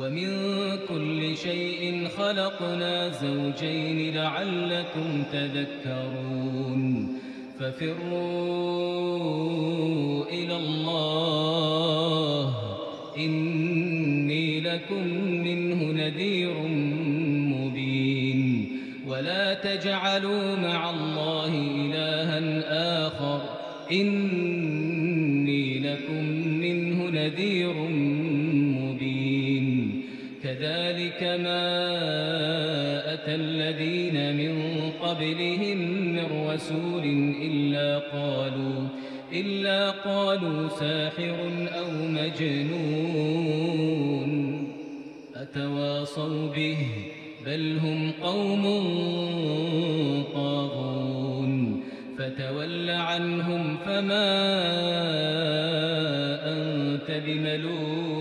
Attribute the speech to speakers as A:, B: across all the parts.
A: ومن كل شيء خلقنا زوجين لعلكم تذكرون ففروا إلى الله إني لكم منه نذير مبين ولا تجعلوا مع الله إلها آخر إني ما أتى الذين من قبلهم من رسول إلا قالوا إلا قالوا ساحر أو مجنون أتواصوا به بل هم قوم طاغون فتول عنهم فما أنت بملون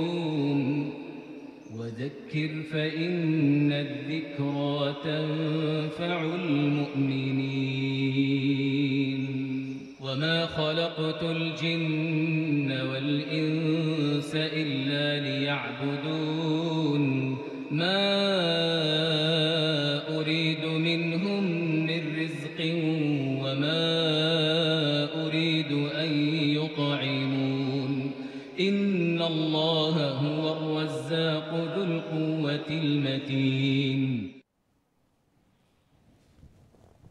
A: فذكر فإن الذكرى تنفع المؤمنين وما خلقت الجن والإنس إلا ليعبدون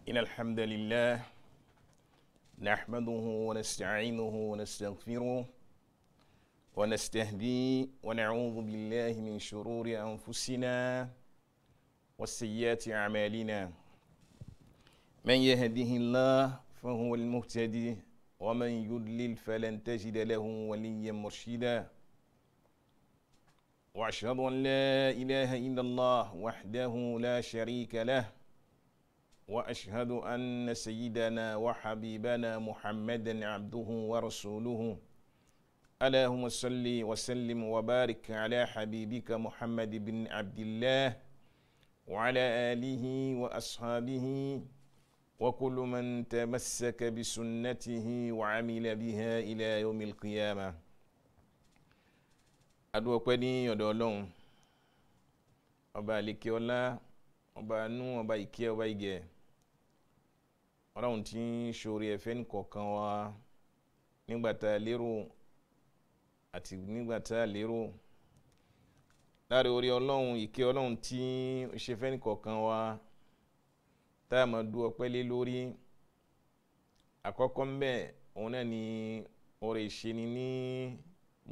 B: إن الحمد لله نحمده ونستعينه ونستغفره ونستهدي ونعوذ بالله من شرور أنفسنا وسيئات أعمالنا من يهده الله فهو المهتدي ومن يضلل فلن تجد له وليا مرشدا واشهد ان لا اله الا الله وحده لا شريك له واشهد ان سيدنا وحبيبنا محمدا عبده ورسوله اللهم صل وسلم وبارك على حبيبك محمد بن عبد الله وعلى اله واصحابه وكل من تمسك بسنته وعمل بها الى يوم القيامه adúpẹ́ ní ọ̀dọ̀ ọlọ́run ọba àlékè ọlá ọba àánú ọba ìkẹ́ ọba ìgẹ̀ẹ́ ọlọ́run tí ń ṣoore ẹ̀fẹ́ nìkọ̀ọ̀kan wa nígbà tá a lérò àti nígbà tá a lérò láre orí ọlọ́run ìkẹ́ ọlọ́run tí ń ṣe fẹ́ nìkọ̀ọ̀kan wa tá a máa du ọpẹ́ lé lórí àkọ́kọ́ mbẹ́ òun náà ni oore ìṣeni ní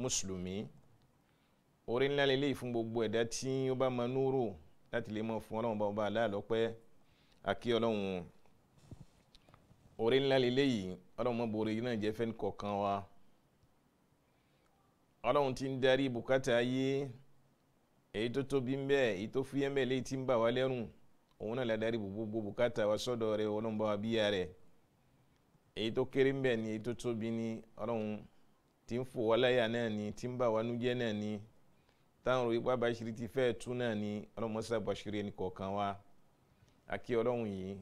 B: mùsùlùmí oore ńlá lélẹ́yìí fún gbogbo ẹ̀dá tí ó bá máa núrò láti lè mọ̀ fún ọlọ́run bá ọba aláàlọ́pẹ́ àkí ọlọ́run orí ńlá lélẹ́yìí ọlọ́run mọ́ borí náà jẹ́ fẹ́ kọ̀ọ̀kan wa ọlọ́run ti ń darí bùkátà ayé èyí tó tóbi ń bẹ́ẹ̀ èyí tó fúyẹ́ ń bẹ́ẹ̀ léyìí tí ń bà wá lẹ́rùn òun náà la gbogbo bùkátà wa sọ́dọ̀ rẹ̀ ọlọ́run bá wa bíyà rẹ̀ èyí tó kéré ń bẹ́ẹ̀ ni èyí tó tóbi ni ọlọ́run tí ń fò wá láyà náà ni tí ń bà wá nújẹ́ náà ni táwọn òwe pábà ṣírí ti fẹ́ẹ̀ tú náà ni ọlọ́run mọ́sá bàṣírí ẹnì kọ̀ọ̀kan wa àkí ọlọ́run yìí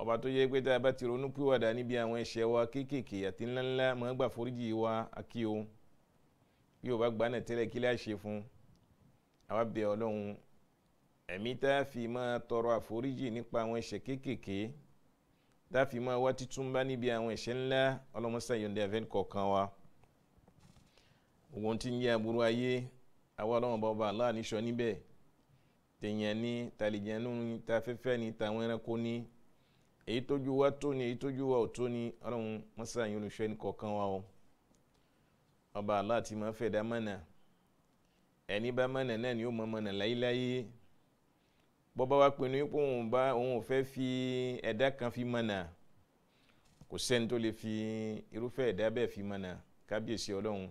B: ọba tó yẹ pé tá a bá ti ronú pìwàdà níbi àwọn ẹ̀ṣẹ̀ wa kéékèèké àti ńláńlá máa gbà foríjì wa akí o bí o bá gbà náà tẹ́lẹ̀ kí lè ṣe fún àwa bẹ ọlọ́run ẹ̀mí tá a fi máa tọrọ àforíjì nípa àwọn ẹ̀ṣẹ̀ kéékèèké tá a fi máa wá títúmbá níbi àwọn ẹ̀ṣẹ̀ ńlá ọlọ́mọsá yọ̀ǹda ẹ̀fẹ́ kọ̀ọ̀kan wa ogun tí ń yẹ aburú ayé àwa ọlọ́run bá aláàníṣọ níbẹ̀ tèèyàn ní tàlìjẹ́nu èyí tójú wa tó ni èyí tójú wa ò tó ni ọlọ́run mọ́sá yín olùṣọ́ ẹni kọ̀ọ̀kan wa o ọba aláàtì máa fẹ́ dá mọ́nà ẹni bá mọ́nà náà ni ó mọ mọ́nà láyéláyé bọ́bá wa pinnu pé òun bá òun ò fẹ́ fi ẹ̀dá kan fi mọ́nà kò sẹ́ni tó lè fi irúfẹ́ ẹ̀dá bẹ́ẹ̀ fi mọ́nà kábíyèsí ọlọ́run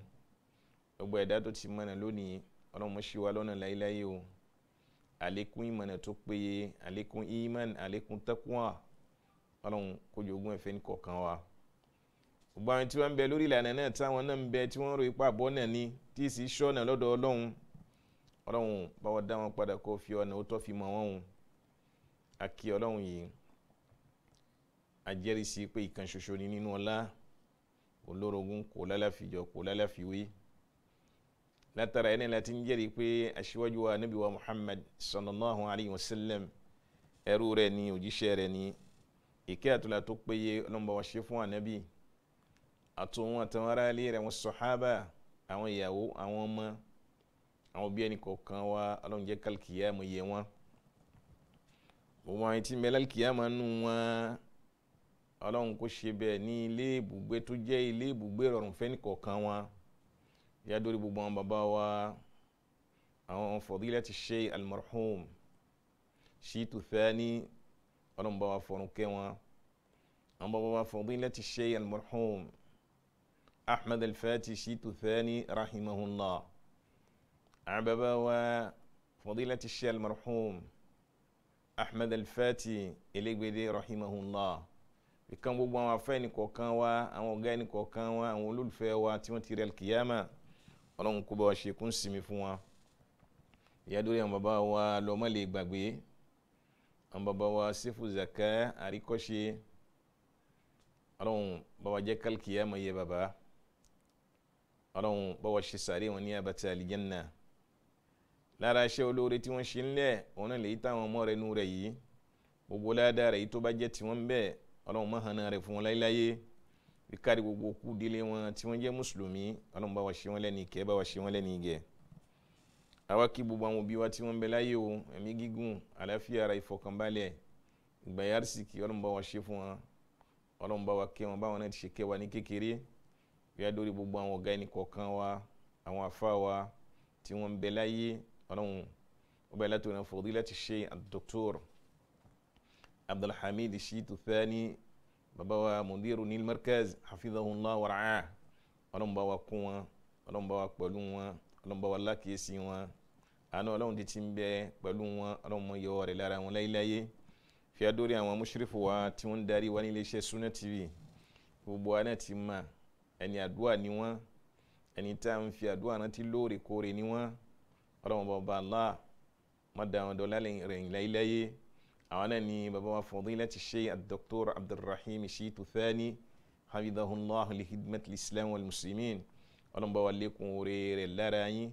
B: gbogbo ẹ̀dá tó ti mọ́nà lónìí ọlọ́run mọ́ ṣe wa lọ́nà láyéláyé o àlékún ìmọ̀nà tó péye àlékún iman àlékún taqwa ọlọ́run kó jogún ẹ̀fẹ́ ní kọ̀ọ̀kan wa gbogbo àwọn tí wọ́n ń bẹ lórí ìlànà náà táwọn náà ń bẹ tí wọ́n ń ro ipa bọ́ náà ni tí ì sì ṣọ́nà lọ́dọ̀ ọlọ́run ọlọ́run báwọ̀ dá wọn padà kó fi ọ̀nà ó tọ́ fi mọ̀ wọ́n àkí ọlọ́run yìí ajẹ́rìsí pé ìkan ṣoṣo ni nínú ọlá olórogún kò lálàfíjọ kò lálàfíwé látara ẹni láti ń jẹ́rìí pé aṣíwájú wa nabi wa muhammad sallallahu alayhi wa sallam ẹrú rẹ̀ ni òjíṣẹ́ rẹ̀ ni ìkẹ́ àtúlà tó péye ọlọ́mọba wa ṣe fún ànábì àtòun àtàwọn ará ilé rẹ̀ wọn sọ̀hábà àwọn ìyàwó àwọn ọmọ àwọn òbí ẹnì kọ̀ọ̀kan wa ọlọ́njẹ́ kálkìyà mọ̀ yẹ wọn. gbogbo àwọn tí mẹ́lẹ́ kìyà máa nù wọn ọlọ́run kò ṣe bẹ́ẹ̀ ní ilé ibùgbé tó jẹ́ ilé ibùgbé rọrùn fẹ́ni kọ̀ọ̀kan wa yá dórí gbogbo àwọn bàbá wa àwọn fadilati sheikh almarhum Shitu Thani ọlọ́run bá wa fọ̀run kẹ́ wọn àwọn bàbá wa fọ̀run bíi láti ṣe almarhum ahmed alfati shitu thani rahimahullah àwọn bàbá wa fọ̀run bíi láti ṣe almarhum ahmed alfati elégbèdè rahimahullah ìkan gbogbo àwọn afẹ́ ẹni kọ̀ọ̀kan wa àwọn ọ̀gá ẹni kọ̀ọ̀kan wa àwọn olólùfẹ́ wa tí wọ́n ti rẹ̀ kìyàmà ọlọ́run kó bá wa ṣe kún sinmi fún wa ìyá dórí bàbá wa lọ́mọ lè gbàgbé. Ambabawa sifu wa sífù zaka àríkọ́ṣe ọlọ́run bàbá jẹ́ kálkìyà mọ̀ yẹ bàbá ọlọ́run bàbá ṣe sàárè wọn ní abàtà àlìjẹ́nà lára iṣẹ́ olóore tí wọ́n ṣe ńlẹ̀ òun náà lèyí táwọn ọmọ rẹ̀ nú rẹ̀ yìí gbogbo ládàá rẹ̀ yìí tó bá jẹ́ tiwọn bẹ́ẹ̀ ọlọ́run mọ̀ hànà rẹ̀ fún wọn láéláyé gbogbo kú délé wọn tí wọ́n jẹ́ mùsùlùmí ọlọ́run bá wa ṣe wọn lẹ́ni ìkẹ́ bá wa ṣe wọn àwa kí gbogbo àwọn òbí wa tí wọ́n ń bẹ láyé o ẹ̀mí gígùn àlàáfíà ara ìfọkànbalẹ̀ ìgbàyàrísìkì ọlọ́run bá wa ṣe fún wọn ọlọ́run bá wa kẹ́ wọn báwọn náà wa ní kékeré bíyà dórí wa àwọn àfa wa tí wọ́n ń bẹ láyé ọlọ́run ọba ìlàtọ̀ náà fọ̀dí láti ṣe abdulhamid shitu thani baba wa mudiru nil markaz hafidhahullah wara'a ọlọ́run bá wa kún wọn wa pẹ̀lú ọlọ́mọba wa lákìísí wọn àánú ọlọ́run ti ń bẹ pẹ̀lú wọn ọlọ́run yọ ọ̀rẹ́ lára wọn láyéláyé fi adórí àwọn mùsírìfù wa tí wọ́n ń darí wa ní iléeṣẹ́ Sunna TV gbogbo wa náà ti mà ẹni àdúrà ni wọ́n ẹni tá à ń fi àdúrà rántí lóòrèkóòrè ni wọ́n ọlọ́mọba Allah mọ̀dà àwọn dọ́là rẹ̀yìn láyéláyé àwọn náà ni bàbá wa fadilati Sheikh Dr. Abdulrahim Shitu Thani hafidhahullahu li khidmati l-Islam wal muslimin ọlọ́mọba wa lékun oore rẹ̀ lára yín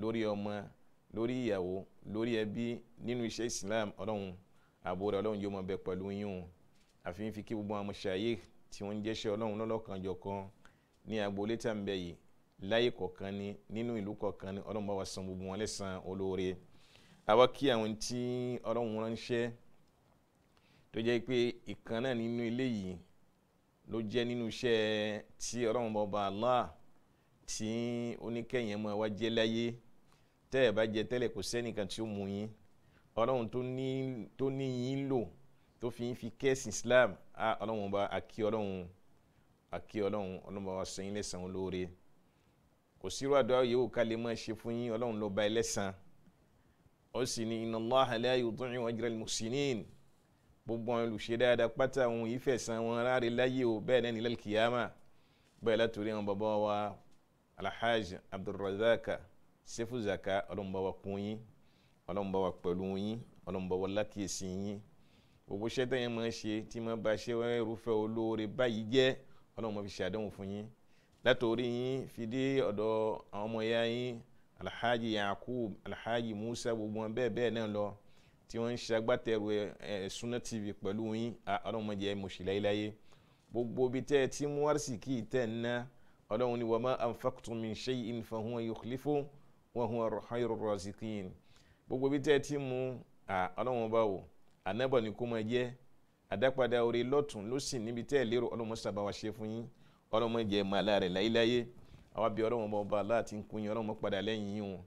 B: lórí ọmọ lórí ìyàwó lórí ẹbí nínú iṣẹ́ islam ọlọ́run ààbò rẹ̀ ọlọ́run yóò máa bẹ pẹ̀lú yín o àfi ń fi kí gbogbo àwọn ṣàyè tí wọ́n ń jẹ́ṣẹ́ ọlọ́run lọ́lọ́kanjọ̀kan ní agboolé tá ń bẹ yìí láyé kọ̀ọ̀kan ni nínú ìlú kọ̀ọ̀kan ni ọlọ́run bá wa san gbogbo wọn lẹ́sàn olóore àwa kí àwọn tí ọlọ́run ránṣẹ́ tó jẹ́ pé ìkan nínú ilé yìí ló jẹ́ nínú iṣẹ́ tí ọlọ́run bá ba Allah tí oníkẹyìn ẹmọ wa jẹ láyé tẹ́ ẹ bá jẹ tẹ́lẹ̀ kò sẹ́nìkan tí ó mú yín ọlọ́run tó ní yín lò tó fi ń fi kẹ́sì islam á ọlọ́run bá àkí ọlọ́run àkí ọlọ́run ọlọ́run bá wa sọ yín lẹ́sàn án lóore kò sírò àdúrà yìí ó ká lè máa ṣe fún yín ọlọ́run ló bá ẹ lẹ́sàn ó sì ní inna Allaha la yudhi'u ajral muhsinin gbogbo àwọn olùṣe dáadáa pátá òun ìfẹ̀sán wọn ráre láyé o bẹ́ẹ̀ náà ní lal kiyama látòrí àwọn bàbá wa alhaji abdulrazaka sefu zaka ọlọ́mọba kún yín ọlọ́mọba wa pẹ̀lú yín ọlọ́mọba wa lákìyèsí yín gbogbo iṣẹ́ tẹ̀yìn máa ń ṣe tí máa bá ṣe wọ́n irúfẹ́ olóore báyìí jẹ́ ọlọ́mọ fi ṣe fún yín látòrí yín fi dé àwọn ọmọ ìyá yín alhaji yakub alhaji musa gbogbo wọn bẹ́ẹ̀ bẹ́ẹ̀ náà lọ tí wọ́n ń ṣagbátẹrù ẹ̀ Sunna TV pẹ̀lú yín ọlọ́mọ jẹ́ mọ̀ṣíláyíláyé gbogbo ibi tẹ́ ẹ ti mú wárìsì kì í tẹ̀ ń ná ọlọ́run ni wa ma anfaqtum min shay'in fa huwa yukhlifu wa huwa khayrur raziqin gbogbo bí tẹ́ ẹ ti mú ọlọ́run bá wò ànábọ̀ ni kó máa jẹ́ àdápadà orí lọ́tún ló sì níbi tẹ́ ẹ lérò ọlọ́run sábà wá ṣe fún yín ọlọ́run jẹ́ màlá rẹ̀ láyéláyé àwa bí ọlọ́run bá ọba láti ń kún yín ọlọ́run padà lẹ́yìn yín wọn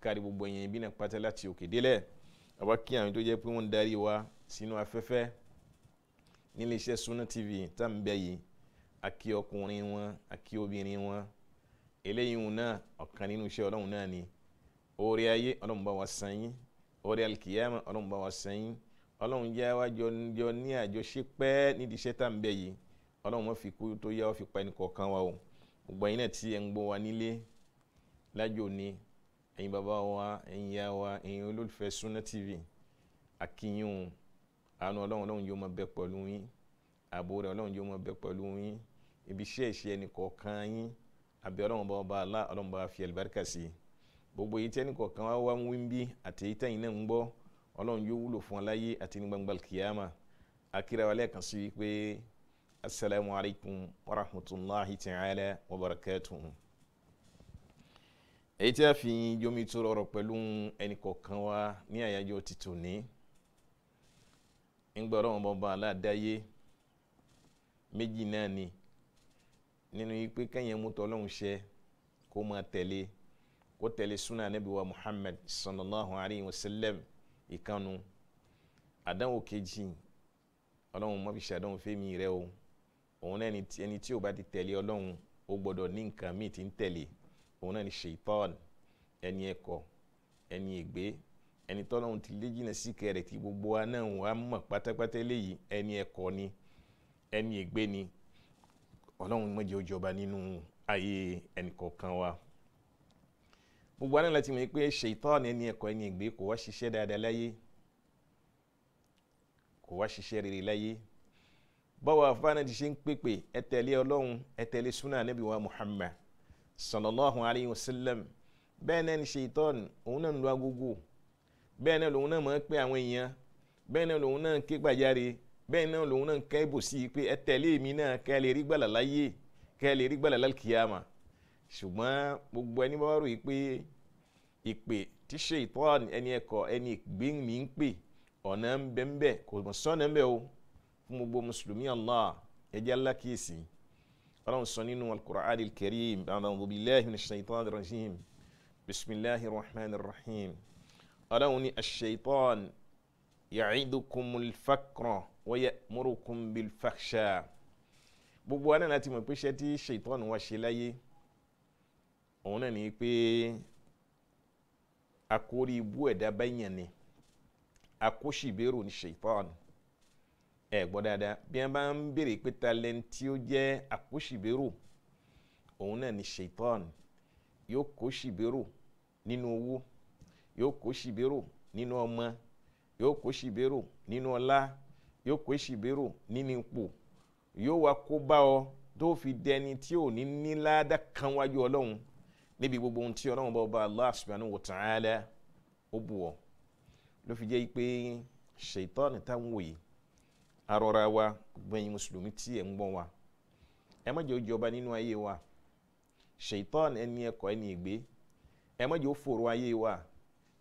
B: fi gbogbo yẹn ibi náà pátá láti òkè délẹ̀ àwa kí àwọn tó jẹ́ pé wọ́n ń darí wa sínú afẹ́fẹ́ nílé iṣẹ́ TV tá à ń bẹ yìí àkí ọkùnrin wọn àkí obìnrin wọn eléyìí náà ọ̀kan nínú iṣẹ́ ọlọ́run náà ni oore ayé ọlọ́run bá wa san yín oore alikiyama ọlọ́run bá wa san yín ọlọ́run jẹ́ wá jọ ní àjọṣepẹ́ nídìí iṣẹ́ tá à ń bẹ̀ yìí ọlọ́run wọn fi kú tó yá wọn fi pa ẹnì kọ̀ọ̀kan wa o gbogbo ẹ̀yin náà tí ẹ̀ ń gbọ́ wa nílé lájò ní ẹ̀yin bàbá wa ẹ̀yin ya wa ẹ̀yin olólùfẹ́ Sunna TV akínyìn àánú ọlọ́run ọlọ́run yóò máa bẹ pẹ̀lú yín ààbò rẹ̀ ọlọ́run yóò máa bẹ pẹ̀lú yín ibi iṣẹ́ ìṣe ẹnì kọ̀ọ̀kan yín àbí ọlọ́run bá ọba alá ọlọ́run bá fi àlùbáríkà sí i gbogbo èyí tí ẹnì kọ̀ọ̀kan wá wá ń wí bí àti èyí tẹ̀yìn náà ń gbọ́ ọlọ́run yóò wúlò fún aláyé àti ní gbangba kìyàmà akíra wa sí i pé asalaamu alaykum wa rahmatulahi ta'ala wa barakatuhu. èyí tí a fi yomi tó rọrọ pẹ̀lú ẹnì kọ̀ọ̀kan wa ní àyájọ́ títò ní ń gbọ́dọ̀ wọn bọ́ bá alá méjì náà ni nínú yìí pé kẹ́yìn mú tọ́lọ́hún ṣe kó máa tẹ̀lé kó tẹ̀lé súnà Ànábì wa Muhammad sallallahu alayhi wa sallam ìkànnù àdánwò kejì ọlọ́run má fi ṣàdánwò fẹ́mi rẹ o òun náà ni ẹni tí ó bá ti tẹ̀lé ọlọ́run ó gbọ́dọ̀ ní nǹkan míì tí ń tẹ̀lé òun náà ni ṣèitán ẹni ẹ̀kọ́ ẹni ègbé ẹni tọ́lọ́run ti lé jìnnà sí kẹrẹ̀ tí gbogbo wa náà wà á mọ̀ pátápátá eléyìí ẹni ẹ̀kọ́ ni ẹni ègbé ni ọlọ́run mọ̀jẹ́ ó jọba nínú ayé ẹnìkọ̀ọ̀kan wa gbogbo àná láti mọ̀ pé ṣètọ́ọ̀nù ẹni ẹ̀kọ́ ẹni ègbé kò wá ṣiṣẹ́ dáadáa láyé kò wá ṣiṣẹ́ rere láyé báwo àfáàná ti ṣe ń pèpè ẹ tẹ̀lé ọlọ́run ẹ tẹ̀lé súnà ànábì wa Muhammad sallallahu alayhi wa sallam bẹ́ẹ̀ náà ni ṣètọ́ọ̀nù òun náà ń lo agogo bẹ́ẹ̀ náà lòun náà mọ̀ pé àwọn èèyàn bẹ́ẹ̀ náà lòun náà ń ké gbàjáre bẹ́ẹ̀ náà lòun náà kẹ́ bò sí i pé ẹ tẹ̀lé mi náà kẹ́ ẹ lè rí gbàlà láyé kẹ́ ẹ lè rí gbàlà lálkìyàmà ṣùgbọ́n gbogbo ẹni bá rò yìí pé ìpè tí ṣe ìtọ́n ẹni ẹ̀kọ́ ẹni ìgbé mi ń pè ọ̀nà ń bẹ ń bẹ kò mọ̀ sọ́nà ń bẹ o fún gbogbo mùsùlùmí Allah ẹ jẹ́ alákìyèsí ọlọ́run sọ nínú al-Qur'an al-Karim a'udhu billahi minash shaytanir rajim bismillahir rahmanir rahim ọlọ́run ni ash-shaytan ya'idukumul faqra. wa ya'murukum bil fakhsha gbogbo wa náà láti mọ̀ pé iṣẹ́ tí ṣètọ́nù wa ṣe láyé òun náà ni pé akórí ibú ẹ̀dá bẹ́yàn ni akóṣìbérò ni ṣètọ́nù ẹ gbọ́ dáadáa bí wọ́n bá ń béèrè pé talent tí ó jẹ́ akóṣìbérò òun náà ni ṣètọ́nù yóò kóṣìbérò nínú owó yóò kóṣìbérò nínú ọmọ yóò kóṣìbérò nínú ọlá yóò kó ìṣìbérò nínú ipò yóò wá kó bá ọ tó fi dẹni tí ò ní ní ládà kan wájú ọlọ́run níbi gbogbo ohun tí ọlọ́run bá ọba Allah subhanahu wa ta'ala ó bù ọ ló fi jẹ́ pé ṣètọ́ni táwọn wòye arọra wa gbẹ̀yìn mùsùlùmí tí ẹ̀ ń gbọ́n wa ẹ má jẹ́ ó jọba nínú ayé wa ṣètọ́ni ẹni ẹ̀kọ́ ẹni ìgbé ẹ má jẹ́ ó fòrò ayé wa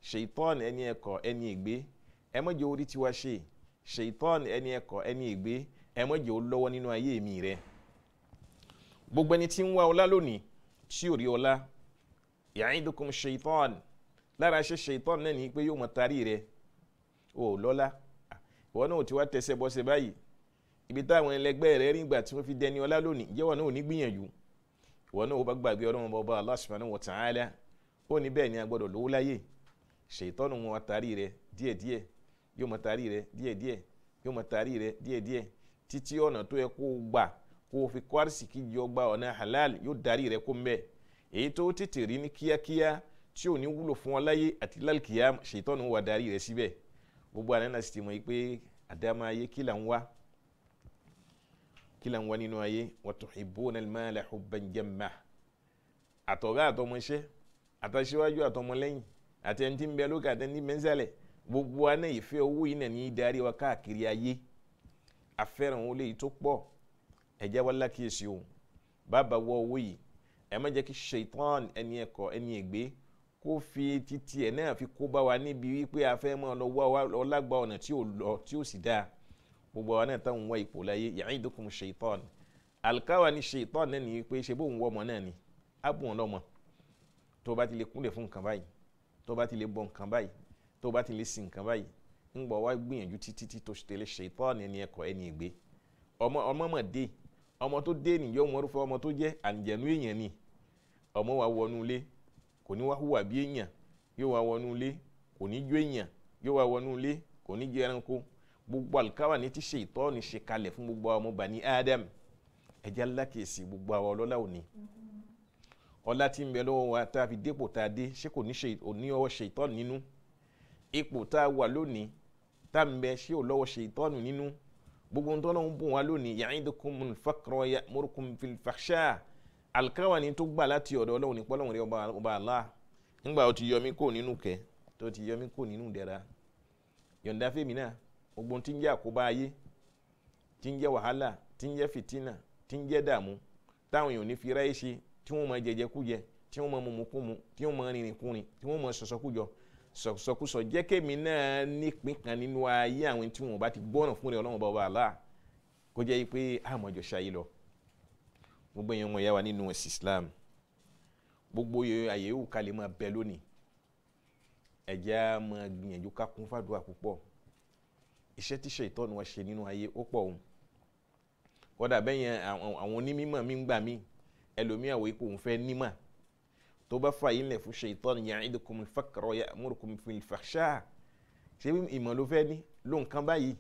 B: ṣètọ́ni ẹni ẹ̀kọ́ ẹni ìgbé ẹ má jẹ́ ó tiwa ṣe ṣèitọ́n ẹni ẹ̀kọ́ ẹni ègbé ẹ̀mọ́jẹ̀ ó lọ́wọ́ nínú ayé mi rẹ gbogbo ẹni tí ń wá ọlá lónìí tí ò rí ọlá yàídùkùn ṣèitọ́n lára ṣe ṣèitọ́n náà ní pé yóò mọ tarí rẹ ò lọ́lá ìwọ náà ò ti wá tẹsẹ̀ bọ́sẹ̀ báyìí ibi táwọn ẹlẹgbẹ́ rẹ rí ìgbà tí wọ́n fi dẹni ọlá lónìí jẹ́wọ́ náà ò ní gbìyànjú ìwọ náà ò bá gbàgbé ọlọ́run bọ́ba Allah subhanahu wa ta'ala ó ní bẹ́ẹ̀ ni a gbọ́dọ̀ lówó láyé ṣèitọ́n wọn wá rẹ díẹ̀díẹ̀ yóò mọ taari rẹ díẹ̀díẹ̀ yóò mọ taari rẹ díẹ̀díẹ̀ títí ọ̀nà tó yẹ kó o gbà kó o fi kó àrísìkí jọ gba ọ̀nà halal yóò darí rẹ kó mbẹ èyí tó tètè rí ní kíákíá tí ò ní wúlò fún ọ láyé àti lálùkìyà ṣètọ́nù wà darí rẹ síbẹ̀ gbogbo àná náà sì ti mọ̀ yí pé àdámá ayé kí là ń wá kí là ń wá nínú ayé wa tuhibbuna al-mala àtọ̀gá àtọmọṣẹ́ àtàṣíwájú àtọmọlẹ́yìn àti ẹni tí ń bẹ lókè àtẹni tí gbogbo wa náà ìfẹ́ owó yìí náà ní í darí wa káàkiri ayé afẹ́ràn owó léyìí tó pọ̀ ẹ̀jẹ̀ wa lákìyèsí o bàbá wọ owó yìí ẹ má jẹ́ kí ṣètàn ẹni ẹ̀kọ́ ẹni ègbé kó fi títí ẹ̀ náà fi kó bá wa níbi wípé afẹ́ mọ́ lọ wá ọlágbá ọ̀nà tí ò lọ tí ò sì dáa gbogbo wa táwọn wá ipò láyé ya'idukum ṣètàn alikawa ni ṣètàn náà ní wípé ṣe bóun wọ́ ọmọ náà ni á bùn ọlọ́mọ tó bá ti lè kúnlẹ̀ fún nǹkan báyìí tó bá ti lè bọ nǹkan báyìí tó bá ti lè sin nǹkan báyìí ń gbọ́ wá gbìyànjú títí tí tó tẹ̀lé ṣètọ́ọ̀nì ẹni ẹ̀kọ́ ẹni ìgbé ọmọ ọmọ mọ̀ dé ọmọ tó dé nìyọ́ wọn rúfọ́ ọmọ tó jẹ́ àǹjẹ̀nú èèyàn ni ọmọ wa wọnú ilé kò ní wá hùwà bí èèyàn yóò wá wọnú ilé kò ní jó èèyàn yóò wá wọnú ilé kò ní jẹ ẹranko gbogbo àlùkáwà ní ti ṣètọ́ọ̀nì ṣe kalẹ̀ fún gbogbo ọmọ Bani Adam ẹ̀jẹ̀ alákèésí gbogbo àwọn ọlọ́lá òní ọlá tí ń bẹ lọ́wọ́ wa tá a fi dépò tá a dé ṣé kò ní ṣe òní ọwọ́ ṣètọ́ọ̀nì nínú ipò tá a wà lónìí tá n bẹ ṣé ò lọ́wọ́ ṣe ìtọ́nù nínú gbogbo ń tọ́lọ́hún bùn wá lónìí ya'idukum al-faqra ya'murukum fil-fahsha alikawa ni tó gbà láti ọ̀dọ̀ ọlọ́run ní pọ́lọ́run rẹ ọba Allah nígbà tó ti yọmí kò nínú kẹ tó ti yọmí kò nínú dẹ̀ra yọ̀ǹda fèmí náà gbogbo tí ń jẹ́ àkóbá ayé tí ń jẹ́ wàhálà tí ń jẹ́ fìtínà tí ń jẹ́ dààmú táwọn èèyàn ní fi ráyè ṣe tí wọ́n máa jẹjẹ kújẹ tí wọ́n máa mumukúmu tí wọ́n máa rìnrìn kúrin tí wọ́n máa sọ̀sọ́kújọ sọ̀sọkúsọ jẹ́ kémi náà nípín kan nínú ayé àwọn tí wọn bá ti gbọ́nà fún rẹ ọlọ́run bàbá àlá kó jẹ́ pé àmọ́jọ ṣayé lọ gbogbo èèyàn wọn yá wa nínú ẹ̀sìn Islam gbogbo àyè wù ká lè máa bẹ lónìí ẹ̀jẹ̀ á máa gbìyànjú ká kún fàdúrà púpọ̀ iṣẹ́ tíṣe ìtọ́nu wa ṣe nínú ayé ó pọ̀ òun kódà bẹ́yẹn àwọn onímọ̀ mi ń gbà mí ẹlòmíà wò òun fẹ́ nímọ̀ tó bá fà yín lẹ̀ fún ṣèitán ya'idukum al-faqra wa ya'murukum bil-fahsha ṣé ìmọ̀ ló fẹ́ ní ló nǹkan báyìí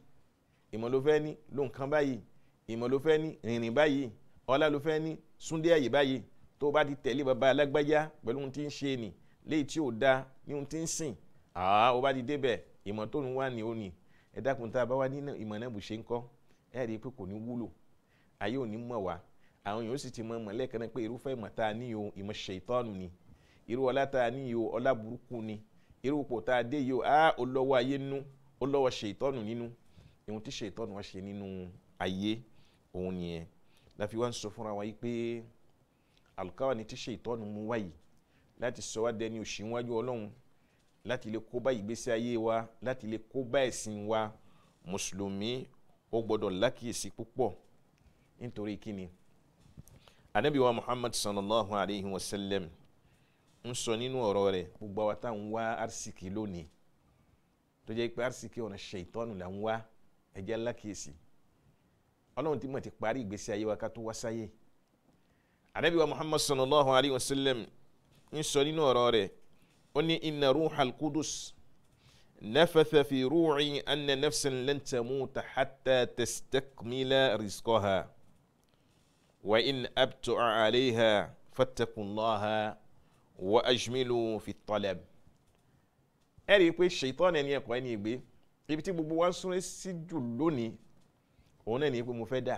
B: ìmọ̀ ló fẹ́ ní ló nǹkan báyìí ìmọ̀ ló fẹ́ ní rìnrìn báyìí ọlá ló fẹ́ ní súndé àyè báyìí tó bá ti tẹ̀lé baba alágbájá pẹ̀lú ohun tí ń ṣe nì léyìí tí ò da ní ohun tí ń sìn àá ó bá ti débẹ̀ ìmọ̀ tó ń wà ní òní ẹ̀dá kùn tá a bá wà nínú ìmọ̀ náà bù ṣe ń kọ́ ẹ̀ rí i pé kò ní wúlò ayé ò ní mọ̀ wá àwọn yòó sì ti mọ mọ̀lẹ́ kan náà pé irúfẹ́ ìmọ̀ tá a ní o ìmọ̀ ṣètọ́nù ni irú ọlá tá a ní o ọlá burúkú ni irú ipò tá a dé yìí o á ó lọ́wọ́ ayé nínú ó lọ́wọ́ ṣètọ́nù nínú ìhun tí ṣètọ́nù wá ṣe nínú ayé òun nìyẹn láfi wá ń sọ fúnra wa yìí pé àlùkáwà ni tí ṣètọ́nù mú wáyìí láti sọ wá dẹni òṣìwájú ọlọ́run láti lè kó bá ìgbésí ayé wa láti lè kó bá ẹ̀sìn wa mùsùlùmí ó gbọ́dọ̀ lákìyèsí púpọ̀ nítorí kíni anabi wa muhammad sallallahu alayhi wa sallam ń sọ nínú ọ̀rọ̀ rẹ̀ gbogbo àwa tá à ń wá arsiki lónìí tó jẹ́ pé arsiki ọ̀nà ṣèitọ́nù là ń wá ẹ̀jẹ̀ lákìyèsí ọlọ́run tí mo ti parí ìgbésí ayé wa ká tó wá sáyé anabi wa muhammad sallallahu alayhi wa sallam ń sọ nínú ọ̀rọ̀ rẹ̀ ó ní inna ruhal kudus nafatha fi ruuci anna nafsan lan tamuta hatta tastakmila rizqaha. وإن أبتع عليها فاتقوا الله وأجملوا في الطلب ẹ rí i pé ṣètọ́n ẹni ẹ̀kọ́ ẹni ìgbé ibi tí gbogbo wa ń súnré sí jù lónìí òun náà ní pé mo fẹ́ dà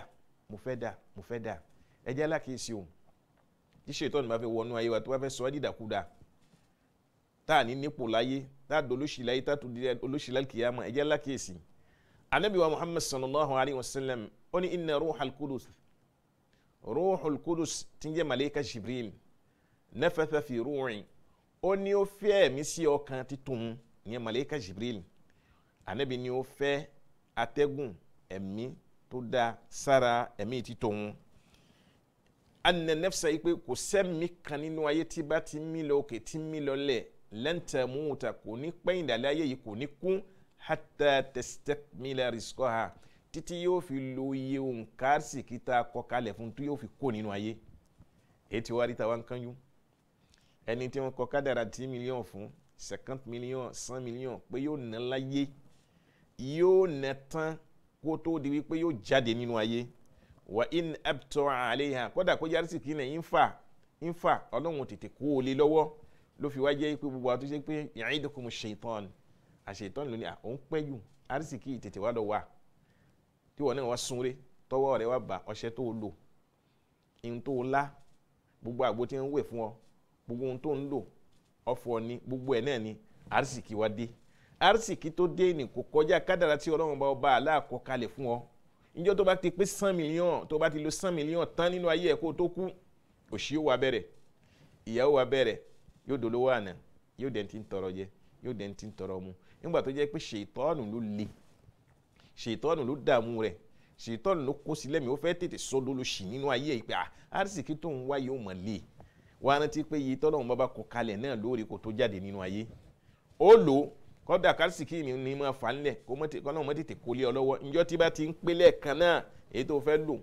B: mo fẹ́ dà mo fẹ́ dà ẹ jẹ́ alákìísí o tí ṣètọ́n bá fẹ́ wọnú ayé wa tó bá fẹ́ sọ ọ́ dídàkudà tá a ní nípò láyé tá a dolóṣì láyé tá a tún di olóṣì lálkìyàmọ̀ ẹ jẹ́ alákìísí anabi wa sallallahu alayhi wa sallam ó ní inna ruhal ruhul kudus tí ń jẹ́ malayika jibril nafatha fi ruhi ó ní ó fẹ́ ẹ̀mí sí ọkàn títun ìyẹn malayika jibril anabi ni ó fẹ́ atẹ́gùn ẹ̀mí tó da sára ẹ̀mí títun anna nafsa yìí pé kò sẹ́mi kan nínú ayé tí bá ti mí lọ òkè tí mí lọ lẹ̀ lẹ́ǹtẹ̀ múta kò ní pẹ́yìndàlẹ́ ayé yìí kò ní kún hatta tastakmila rizqaha títí yóò fi lo iye òǹkà sì tá a kọ kalẹ̀ fún tí yóò fi kó nínú ayé èyí tí wàá rí tàwa ń kánjú ẹni tí wọ́n kọ kádàrà tí mílíọ̀n fún cinquante million cent million pé yóò ná láyé yóò ná tán kó tó di wípé yóò jáde nínú ayé wà in abtọ́ àléhà kódà kó yára sì kí ni ń fà ń fà ọlọ́run tètè kó o lé lọ́wọ́ ló fi wá jẹ́ pé gbogbo àtúnṣe pé yàrá ìdókòmù ṣètọ́n àṣetọ́n lónìí à ń pẹ́ jù àrísìkì tètè wá lọ wà tí wọn náà wá súnre tọwọ́ rẹ wá bá ọṣẹ tó o lò ihun tó o lá gbogbo àgbo tí ń wè fún ọ gbogbo ohun tó ń lò ọfọ ni gbogbo ẹ náà ni arísìkì wá dé arísìkì tó dé ní kò kọjá kádàrá tí ọlọ́run bá ọba aláàkọ kalẹ̀ fún ọ níjọ́ tó bá ti pé cent million tó bá ti lo cent million tán nínú ayé ẹ̀ kó o tó kú òṣì yóò wá bẹ̀rẹ̀ ìyàwó wa bẹ̀rẹ̀ yóò dolówó àná yóò dẹ̀ ti ń tọrọ jẹ yóò dẹ̀ ti ń tọrọ mu nígbà tó jẹ́ pé ṣètọ́nù ló le ṣètọ́nù ló dààmú rẹ̀ ṣètọ́nù ló kó sílẹ̀ mi ó fẹ́ tètè sódolo ṣì nínú ayé ìpè àrísìkí tó ń wáyé ó mọ̀ lé wọ́n á rántí pé iye tọ́lọ́run bá bá kọ kalẹ̀ náà lórí kò tó jáde nínú ayé ó lò ó kọ́dà kárìsìkì mi ni máa fà á ńlẹ̀ kọ́lọ́run mọ́ tètè kólé ọ lọ́wọ́ njọ́ tí bá ti ń pélé kan náà èyí tó fẹ́ lò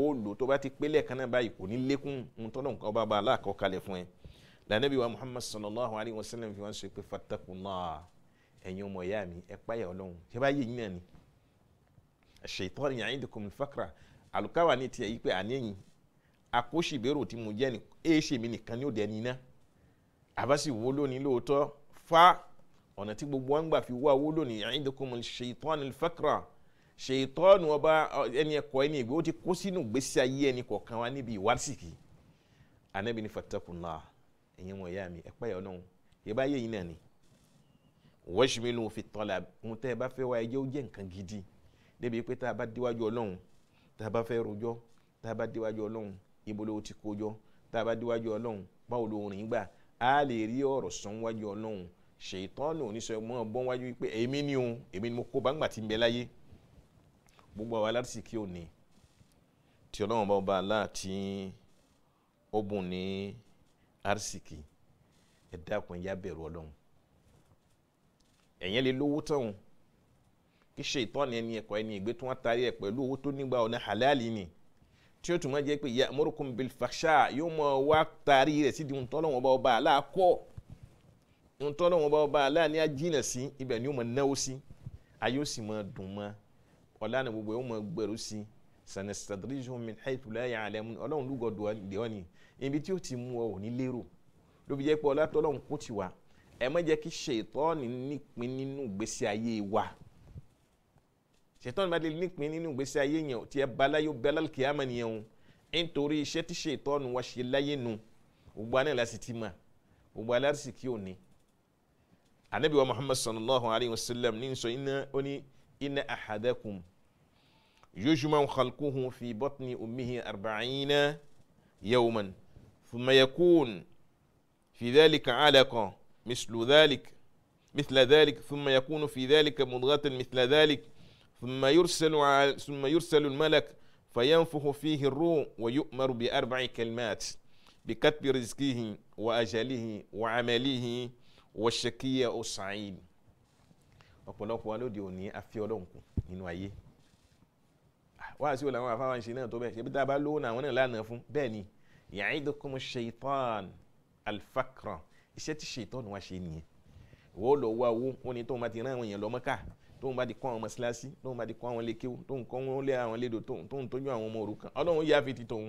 B: ó lò tó bá ti pélé kan náà báyìí kò ní lékún ohun tọ́lọ́run kan bá bá aláàkọ́ kalẹ̀ fún ẹ wa muhammad sallallahu alayhi wa sallam fi wọn sọ pé fatakunla ẹ̀yin ọmọ ìyá mi ṣètọ́ni àyíndìkùn fàkàrà àlùkáwà ní tiẹ̀ yí pé àníyìn akóṣìbérò tí mo jẹ́ ní èéṣe mi nìkan ní òde ẹni iná àbáṣì wo lónìí lóòótọ́ fa ọ̀nà tí gbogbo wọn gbà fi wá owó lónìí àyíndìkùn ṣètọ́ni fàkàrà ṣètọ́ni ọba ẹni ẹ̀kọ́ ẹni ìgbé ó ti kó sínú gbèsè ayé ẹni kọ̀ọ̀kan wa níbi ìwárísìkì anabi ni fatakunla ẹ̀yin wọn ìyá mi ẹ̀pẹ́ yẹn náà yẹ bá yẹ yín náà ni débi pé tá a bá díwájú ọlọ́run tá a bá fẹ́ rojọ́ tá a bá díwájú ọlọ́run ibo ti kó tá a bá díwájú ọlọ́run báwo ló rìn gbà á lè rí ọ̀rọ̀ sọ wájú ọlọ́run ṣètọ́nù oníṣẹ́ mọ́ bọ́n wájú wípé èmi ni òun èmi ni mo kó bá ń gbà tí ń bẹ láyé gbogbo àwa aláàtì kí òní tí ọlọ́run bá ọba aláàtì ó ní arsìkì ẹ dákun yá bẹ̀rù ọlọ́run ẹ̀yẹn lè lówó tán kí ṣe ìtọ́ni ẹni ẹ̀kọ́ ẹni ìgbé tí wọ́n taari ẹ̀ pẹ̀lú owó tó nígbà ọ̀nà halali ni tí ó tún máa jẹ́ pé ìyá amúrúkú bilfasha yóò mọ wá taari rẹ̀ sí di ohun tọ́lọ́ wọn bá ọba aláàkọ́ ohun tọ́lọ́ wọn bá ọba aláàní ajínà sí ibẹ̀ ni ó mọ náwó sí ayé ó sì mọ dùn mọ́ ọ̀lànà gbogbo yóò mọ gbèrú sí sanestadrijum min haythu la ya'lamun ọlọ́run lúgọ̀ dùn ibi tí ó ti mú ṣètọ́ni bá lè link mi nínú ìgbésí ayé yẹn tí ẹ bá láyé ó bẹ́ẹ̀ lálùkì àmọ́ nìyẹn o nítorí iṣẹ́ tí ṣètọ́ni wá ṣe láyé nu gbogbo àná ìlàsì ti mà gbogbo alárìsì kí ò ní. anabi wa muhammad sallallahu alayhi wa sallam ní sọ iná ó ní iná ahadakum yujmau khalquhu fi batni ummihi arba'ina yawman thumma yakun fi dhalika alaqa mislu dhalik مثل ذلك ثم يكون في ذلك مضغة مثل ذلك ثم يرسل عل... ثم يرسل الملك فينفخ فيه الروح ويؤمر بأربع كلمات بكتب رزقه وأجله وعمله والشقي أو سعيد ọ̀pọ̀lọpọ̀ wa lóde òní afi Ọlọ́run kù nínú ayé wáàsí wo làwọn afáwọn ṣe náà tó bẹ́ẹ̀ ṣe bí dábàá lówó làwọn náà lánàá fún bẹ́ẹ̀ ni ya'idukum shaitan alfakra iṣẹ́ tí shaitan wa ṣe nìyẹn wọ́n lọ wá owó wọn ni tó máa ti rán àwọn èèyàn lọ Mẹ́kà tóun bá ti kọ́ àwọn mọ́síláṣí tóun bá ti kọ́ àwọn lékéwò tóun kọ́ wọn lé àwọn lédo tóun tóun tọ́jú àwọn ọmọ òrukàn ọlọ́run yá fi ti tòun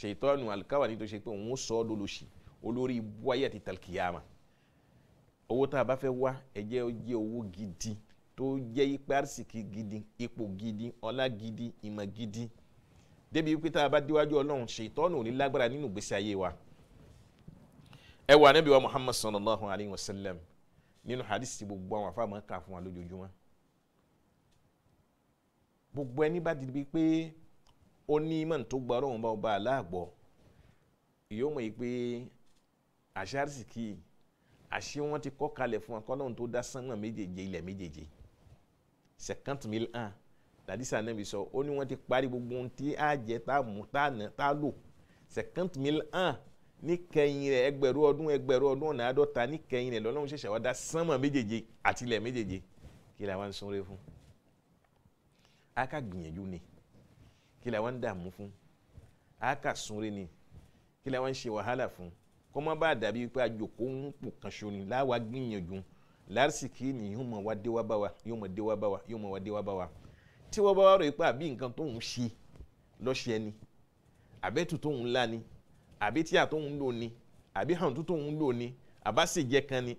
B: ṣètọ́nù àlùkáwà ní tó ṣe pé òun ó sọ ọ́ dolóṣì olórí ibú ayé àti tàlkìyàmà owó tá a bá fẹ́ wá ẹ̀jẹ̀ ó jẹ́ owó gidi tó jẹ́ ipa àrísìkì gidi ipò gidi ọlá gidi ìmọ̀ gidi débi pé tá a bá déwájú ọlọ́run ṣètọ́nù ò ní lágbára nínú ìgbésí ayé wa ẹ wà níbi wa muhammad sallallahu alayhi wa sallam nínú hadith gbogbo àwọn afáàmọ́ kà fún wa lójoojúmọ́ gbogbo ẹni bá dìbí pé ó ní imọ̀n tó gba ọlọ́run bá ọba aláàgbọ̀ yóò mọ̀ yìí pé àṣàrìsì kì í àṣé wọn ti kọ́ kalẹ̀ fún wa kọ́lọ́run tó dá sánmọ̀ méjèèje ilẹ̀ méjèèje cinquante mille ans làdísà náà fi sọ ó ní wọn ti parí gbogbo ohun tí a jẹ tá a mú tá a nà tá a lò cinquante mille ans ní kẹyìn rẹ ẹgbẹ̀rún ọdún ẹgbẹ̀rún ọdún ọ̀nà àádọ́ta ní kẹyìn rẹ lọ́lọ́run ṣẹ̀ṣẹ̀ wá dá sánmọ̀ méjèèje àti ilẹ̀ kí làwọn ń sunre fún a kà gbìyànjú ni kí la wá ń dààmú fún a kà sunre ni kí la wá ń ṣe wàhálà fún kọ́ mọ́ bá dàbí pé àjòkó ń pò kan ṣo ni láwa gbìyànjú lárìsìkì ni yóò mọ̀ wá dé wá bá wa yóò mọ̀ dé wá bá wa yóò mọ̀ wá dé wá bá wa tí wọ́n bá wá rò pé àbí nǹkan tó ń ṣe lọ́ṣẹ́ ni àbẹ́tù tó ń la ni àbí tíyà tó ń lò ni àbí hàn tó ń lò ni àbá sì jẹ́ kan ni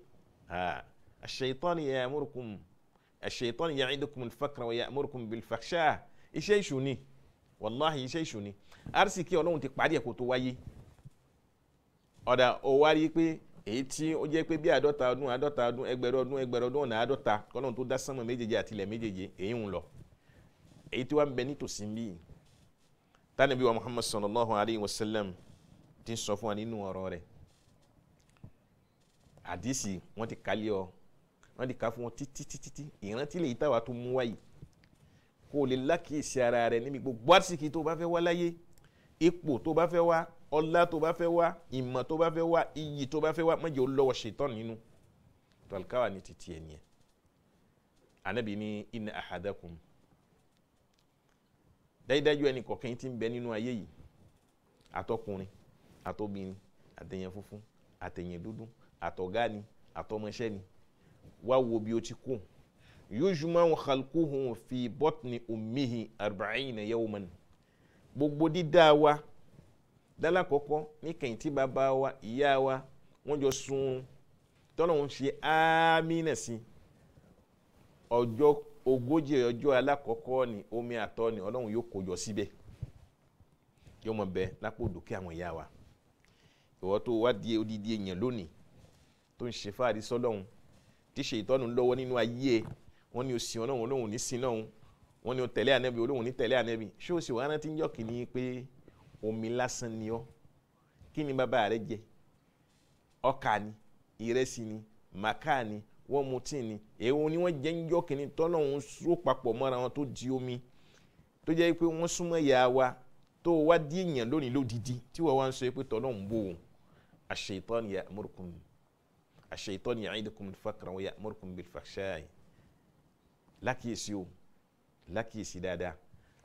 B: ṣaitan ya'murukum ash-shaytan ya'idukum al-faqra wa ya'murukum bil-fakhsha iṣẹ́ ìṣù ni wàláhì iṣẹ́ ìṣù ni arsìkí ọlọ́run ti parí ẹ̀kọ́ tó wáyé ọ̀dà ó wá rí pé èyí tí ó jẹ́ pé bí àádọ́ta ọdún àádọ́ta ọdún ẹgbẹ̀rún ọdún ẹgbẹ̀rún ọdún ọ̀nà àádọ́ta kọ́lọ́run tó dá sánmọ̀ méjèèje àti ilẹ̀ méjèèje èyí ń lọ èyí tí wàá ń bẹ nítòsí ń bí tánàbí wa muhammad sallallahu alayhi wa sallam ti sọ fún wa nínú ọ̀rọ̀ rẹ̀ àdìsí wọ́n ti kálí ọ wọ́n lè kà fún wọn títí títí tí ìrántí lè tàwa tó mú wáyé kó o lè lákìísí ara rẹ níbi gbogbo àsìkí tó bá fẹ́ wá láyé ipò tó bá fẹ́ wá ọlá tó bá fẹ́ wá ìmọ̀ tó bá fẹ́ wá iyì tó bá fẹ́ wá má jẹ́ ó lọ́wọ́ nínú tọ́lkáwà ní títí ẹ̀ nìyẹn anabi ní inna ahadakum dájúdájú ẹnì kọ̀ọ̀kan tí ń bẹ nínú ayé yìí àtọkùnrin àtobìnrin àtẹ̀yìn funfun àtẹ̀yìn dúdú àtọ̀gá ni wá wo bí ó ti kú yujumau khalquhu fi botni ummihi arba'ina yawman gbogbo dídá wa dálàkọ́kọ́ ní kẹ̀yìntì bàbá wa ìyá wa wọ́n jọ sun tọ́lọ́hún ṣe ámínà sí ọjọ́ ogójì ọjọ́ alákọ̀ọ́kọ́ ni omi àtọ̀ ni ọlọ́run yóò kójọ síbẹ̀ yóò mọ̀ bẹ́ẹ̀ lápò dòkè àwọn ìyá wa ìwọ́ tó wá di odidi èèyàn lónìí tó ń ṣe fáàrí sọ́lọ́hún tí ṣèyítọ́nù lọ́wọ́ nínú ayé ẹ̀ wọ́n ní o sìn ọlọ́run olóhùn ní sin náà wọ́n ní o tẹ̀lé ànẹ́bí olóhùn ní tẹ̀lé ànẹ́bí ṣé o sì wá rántí yọ̀ kí ni pé omi lásán ni ọ́ kí ni bàbá rẹ jẹ ọkà ni ìrẹsì ni màkà ni wọ́n mu tíì ni èèwọ̀ ni wọ́n jẹ́ ń yọ̀ kí ni tọ́lọ́run só papọ̀ mọ́ra wọn tó di omi tó jẹ́ pé wọ́n súnmọ́ ìyá wa tó wá dí èèyàn lónìí lódìdí tí wọ́n wá ń sọ pé tọ́lọ́run bò ó àṣẹ ìtọ́ni àmúrùkùn yìí الشيطان يعيدكم ya'idukum ويأمركم faqra wa ya'murukum bil-fahsha'i أما o lákìyèsí dáadáa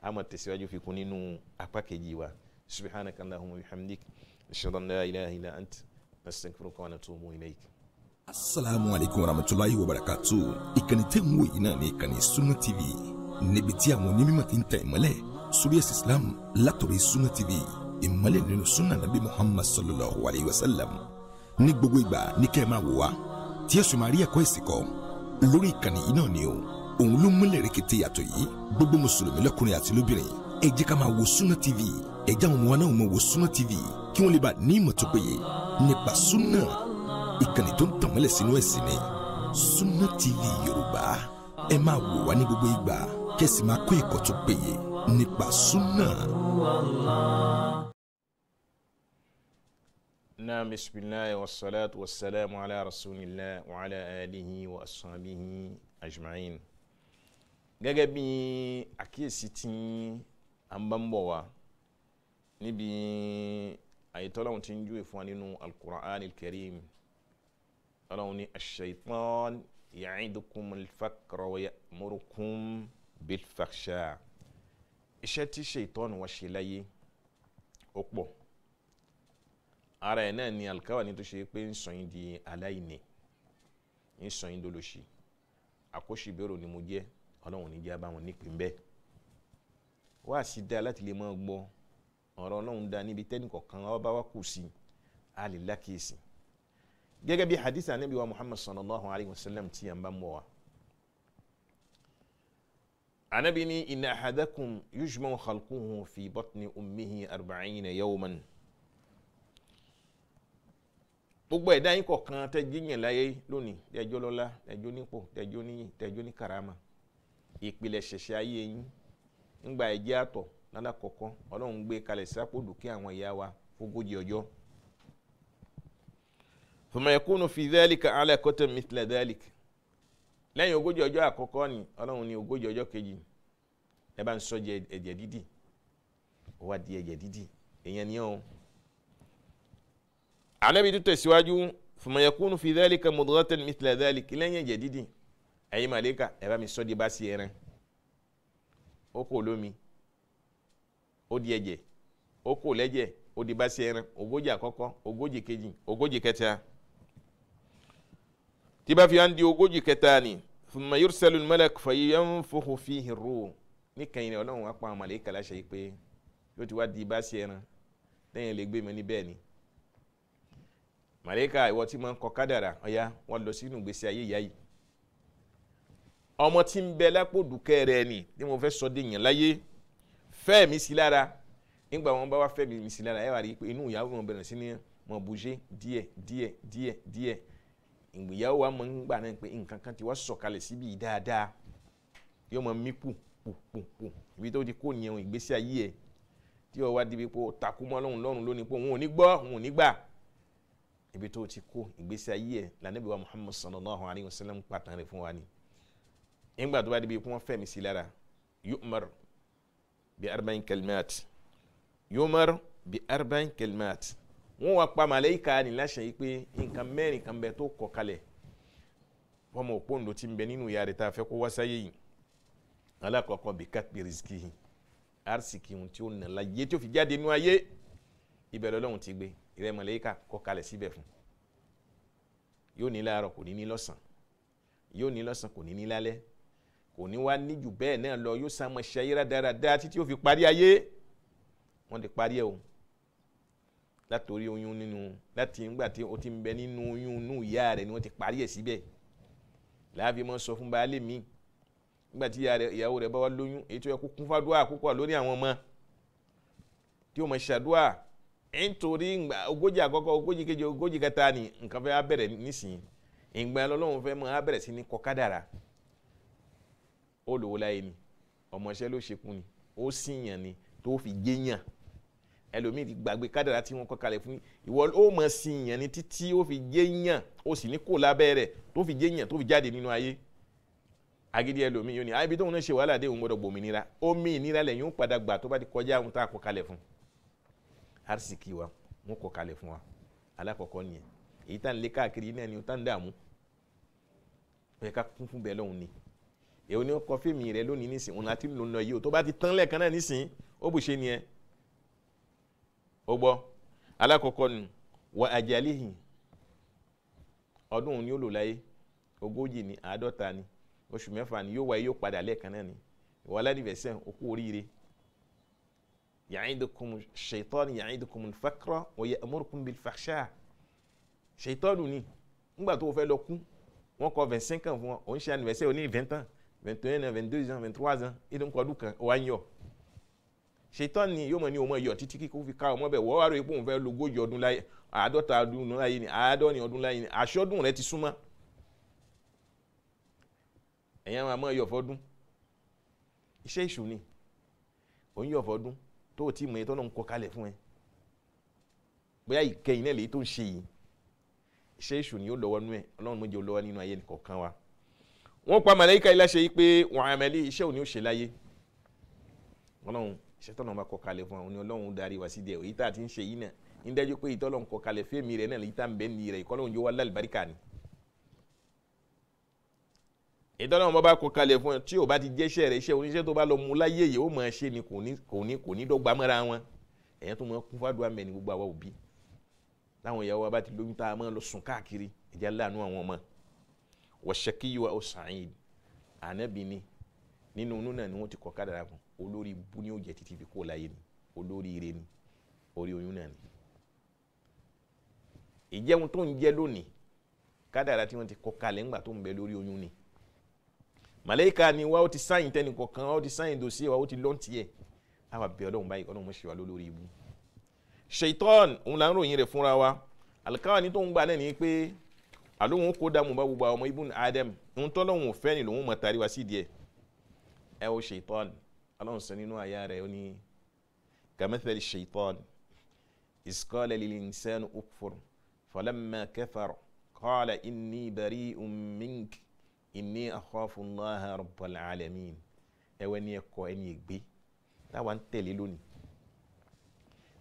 B: a máa tẹ̀síwájú fi kún nínú apá kejì wa subhanaka allahumma wa bihamdik ashhadu an la ilaha illa anta astaghfiruka wa atubu ilayk asalaamu aleykum warahmatulahi wabarakatu ìkànnì tẹ́ ń wò yìí náà ní ìkànnì Sunna TV níbi tí àwọn onímọ̀ ti ń tẹ̀ ìmọ́lẹ̀ suriyas islam látòrí Sunna TV ìmọ́lẹ̀ nínú sunna nabi muhammad sallallahu alayhi wa sallam ní gbogbo ìgbà ní kẹ́ ẹ máa wò wá tí ẹ sì máa rí ẹ̀kọ́ ìsìnkọ lórí ìkànnì yìí náà ni o òun ló múlẹ̀ rẹ̀kẹ̀tẹ̀ yàtọ̀ yìí gbogbo mùsùlùmí lọ́kùnrin àti lóbìnrin ẹ jẹ́ ká máa wo Sunna TV ẹ jẹ́ àwọn ọmọ wa náà máa wo Sunna TV kí wọ́n lè bá ní ìmọ̀ tó péye nípa Sunna ìkànnì tó ń tànmọ́lẹ̀ sínú ẹ̀sìn ni Sunna TV Yorùbá ẹ máa wò wá ní gbogbo ìgbà kẹ́sì máa kó ẹ̀kọ́ tó péye nípa Sunna. نعم بسم الله والصلاة والسلام على رسول الله وعلى آله وأصحابه أجمعين gẹ́gẹ́ bí àkíyèsí tí a ń bá ń bọ̀ wá níbi àyètọ́láhùn tí ń júwe fún wa nínú alukur'an alkarim ọlọ́run ní aṣèitán yàídùkùn alfakọ̀rọ̀ mọ́rùkùn bilfakṣà iṣẹ́ tí ṣèitán wá ṣe láyé ó pọ̀ ara ẹ̀ náà ni alkawa ni tó ṣe pé ń sọ yín di aláìní ń sọ yín dolóṣì àkóṣìbérò ni mo jẹ́ ọlọ́run ní jẹ́ abáwọn nípìn bẹ́ẹ̀ wá sí dáa láti lè máa gbọ́ ọ̀rọ̀ ọlọ́run dáa níbi tẹ́nì kọ̀ọ̀kan ọba wa kù sí a lè lákèésì gẹ́gẹ́ bí hadith anabi muhammad sallallahu alayhi wa sallam tí a bá mọ́ wa anabi ni inna ahadakum yujma'u khalquhu fi batni ummihi arba'ina yawman gbogbo ẹ̀dá yín kọ̀ọ̀kan tẹ́jú yàn láyé lónìí tẹ́jọ́ lọ́lá tẹ́jọ́ nípò tẹ́jọ́ níyìn tẹ́jọ́ ní karama ìpìlẹ̀ ṣẹ̀ṣẹ̀ ayé yín ńgbà ẹ̀jẹ̀ àtọ̀ lálàkọ̀kọ́ ọlọ́run gbé kalẹ̀ sápò dùkẹ́ àwọn ìyá wa fógójì ọjọ́. thumma yakunu fi dhalika alaqata mithla dhalik lẹ́yìn ogójì ọjọ́ àkọ́kọ́ ni ọlọ́run ní ogójì ọjọ́ kejì ẹ bá ń sọ ẹ̀jẹ̀ dídì ó wá di ẹ̀jẹ̀ dídì èèyàn ni ọ̀hún anabi tó tẹ̀síwájú fùmọ̀yẹ̀kúnnù fi dhalika mudghatan mithla dhalika lẹ́yìn ẹ̀jẹ̀ dídì ẹ̀yin màlẹ́kà ẹ̀ bá mi sọ́ di bá sí ẹran ó kò lómi ó di ẹ̀jẹ̀ ó kò lẹ́jẹ̀ ó di bá sí ẹran ogójì àkọ́kọ́ ogójì kejì ogójì kẹta tí bá fi hàn di ogójì kẹta ni thumma yursalu al-malak fa yanfukhu fihi ar-ruh níkẹyìn ọlọ́run apá àwọn màlẹ́kà láṣẹ yìí pé yóò ti wá di bá sí ẹran lẹ́yìn lè màlẹ́kà ìwọ tí máa ń kọ kádàrà ọ̀yá wọ́n lọ sínú ìgbésí ayé ìyá yìí ọmọ tí ń bẹ lápò dùkẹ́ rẹ ni tí mo fẹ́ sọ déyàn láyé fẹ́ mi sí lára nígbà wọn bá wá fẹ́ mi sí lára ẹ wà rí i pé inú ìyàwó wọn bẹ̀rẹ̀ sí ní mọ̀ bùjẹ́ díẹ̀ díẹ̀ díẹ̀ díẹ̀ ìgbéyàwó wa mọ̀ ń gbà náà pé nǹkan kan ti wá sọ̀kalẹ̀ síbi dáadáa yóò mọ̀ mí pù pù pù pù ibi tó ti kó nìyẹn ìgbésí ayé ẹ̀ tí ó wá débi pé ó takú mọ́ lọ́run lónìí pé òun ò ní gbọ́ òun ò ní gbà ibi tó ti kó ìgbésí ayé ẹ̀ lànàbí wa muhammad sallallahu alayhi wa sallam pàtàn rẹ̀ fún wa ni ìgbà tó bá débi kí wọ́n fẹ̀mí sí lára yomar bi arba'in kalimat yomar bi arba'in kalimat wọ́n wá pa màlẹ́yìká ni láṣẹ yìí pé nǹkan mẹ́rin kan bẹ tó kọ kalẹ̀ ọmọ òpóǹdó ti ń bẹ nínú ìyá rẹ̀ fẹ́ kó wá yìí alákọ̀ọ́kọ́ bí kápẹ́ rìsíkì yìí arsìkì ohun tí ó nà láyé tí ó fi jáde nínú ayé ìbẹ̀rẹ̀ ọlọ́run ti gbé ìrẹ́ mọ̀lẹ́kà kọ́ kalẹ̀ síbẹ̀ fún yóò ní láàárọ̀ kò ní ní lọ́sàn yóò ní lọ́sàn kò ní ní lálẹ́ kò ní wá níjù bẹ́ẹ̀ náà lọ yóò sàmọ̀ ṣe ayé rádaràda títí ó fi parí ayé wọ́n ti parí ẹ̀ o látòrí oyún nínú láti ńgbà tí ó ti ń bẹ nínú oyún inú ìyá rẹ̀ ni wọ́n ti parí ẹ̀ síbẹ̀ láàfin mọ́ sọ fún baálé mi nígbà tí ìyàwó rẹ̀ bá wá lóyún èyí tó yẹ kó kún fàdúrà púpọ̀ lórí àwọn ọmọ tí ó mọ̀ ṣàdúrà nítorí ogójì àkọ́kọ́ ogójì kejì ogójì kẹta ni nǹkan abere bẹ̀rẹ̀ nísìnyí ìgbà lọ́lọ́run fẹ́ mọ́ á bẹ̀rẹ̀ sí ní kọkádàrà olùwòláyé ni ọmọọṣẹ́ ló ṣekú ni ó síyàn ni tó fi géyàn ẹlòmíì ti gbàgbé kádàrà tí wọ́n kọ kalẹ̀ fún ìwọ ó mọ síyàn ni títí ó fi géyàn ó sì ní kó lábẹ́ rẹ̀ tó fi géyàn tó fi jáde nínú ayé Agidi ẹlòmíì yóò ní àbí tóun náà ṣe wàhálà dé òun gbọ́dọ̀ arísìkí wa wọn kọ kalẹ̀ fún wa alákọ̀ọ́kọ́ nìyẹn èyí tá n lé káàkiri náà ni ó tá n dààmú bẹ́ẹ̀ ká kún fún bẹ́ẹ̀ lọ́hùn ni èyí ni ó kọ fíìmù rẹ lónìí nísìn òun àti lòun lọ yìí o tó bá ti tán lẹ́ẹ̀kan náà nísìn ó bù nìyẹn ó gbọ́ alákọ̀ọ́kọ́ ni wà àjálìhìn ọdún òun ni ó lò láyé ogójì ni àádọ́ta ni oṣù mẹ́fà ni yóò wáyé yóò padà lẹ́ẹ̀kan náà ni ìwà aládìbẹ̀sẹ̀ okú oríire yaidukum ṣètọ́nù yaidukum fakra wa ya'murukum bil fahsha ṣètọ́nù ni ńgbà tó o fẹ́ lọ kú wọ́n kọ vingt cinq ans fún ọ òun ṣe anniversaire oní vingt ans vingt un ans vingt deux ans vingt trois ans ìdún kọdún kan ó wá ń yọ ṣètọ́nù ni yóò mọ̀ ní ọmọ iyọ̀ títí kíkó fi ká ọmọ bẹ̀ wọ́n wá rò pé òun fẹ́ lógójì ọdún láyé àádọ́ta ọdún láyé ni àádọ́rin ọdún láyé ni àṣọdún rẹ ti súnmọ́ ẹ̀yàn máa mọ̀ iyọ̀ fọdún iṣẹ́ ìṣù ni òun yọ̀ fọdún tó o ti mọ̀ yẹn tó náà ń kọ kalẹ̀ fún ẹ bóyá ìkẹyìn náà lèyí tó ń ṣe yìí iṣẹ́ èṣù ni ó lọ́wọ́ nú ẹ ọlọ́run méje olówó nínú ayé nìkọ̀ọ̀kan wa wọ́n pa màláíkà ilé ṣe yí pé wọ́n àmẹ́lí iṣẹ́ òní ó ṣe láyé ọlọ́run iṣẹ́ tọ́nà máa kọ kalẹ̀ fún àwọn ni ọlọ́run darí ìtọ́nà ọmọ bá kó kalẹ̀ fún ẹ tí ò bá ti jẹ́ṣẹ́ rẹ iṣẹ́ oníṣẹ́ tó bá lọ mú láyé yìí ó máa ṣe ni kò ní kò ní kò ní dọ́gba mọ́ra wọn ẹ̀yẹn tó máa kún fàdúrà mẹ́ni gbogbo àwa òbí láwọn ìyàwó wa bá ti lóyún tá a máa lọ sùn káàkiri ìjà láàánú àwọn ọmọ wọ̀ṣẹ́kíyù wa ọ̀sàn-ìn ànábì ni nínú inú náà ni wọ́n ti kọ́ kádàrà fún olórí bú ni ó jẹ́ títí fi kó láyé ni ni orí oyún náà ni ìjẹun tó ń jẹ lónìí ni màlẹ́kà ni wa ó ti sáyìn tẹ́nì kọ̀ọ̀kan ó ti sáyìn dòsí wa ó ti lọ́ǹtì ẹ̀ á wà bẹ̀ ọlọ́run báyìí ọlọ́run ṣe wà lórí ibu ṣèitọ́n òun là ń ròyìn rẹ̀ fúnra wa àlùkáwà ní tó ń gbà náà ni pé àlóhun kó dààmú bá gbogbo àwọn ọmọ ibùn adam òun tọ́lọ́hun òfẹ́ ni lòun mọ̀ tari wa sí díẹ̀ ẹ o ṣèitọ́n ọlọ́run sọ nínú àyà rẹ̀ ó ní kàmẹ́tẹ̀lì ṣèitọ́n ìsikọ́lẹ̀ lílì ń sẹ́nu òkùfọ̀rọ̀ fọlẹ́mẹ́ kẹfàrọ̀ kọ́ọ̀lẹ̀ ìní bẹ̀rí òmìnkì inni akhafullaha rabbal alamin ẹwẹ́ ní ẹ̀kọ́ ẹni ègbé táwa ń tẹ̀lé lónìí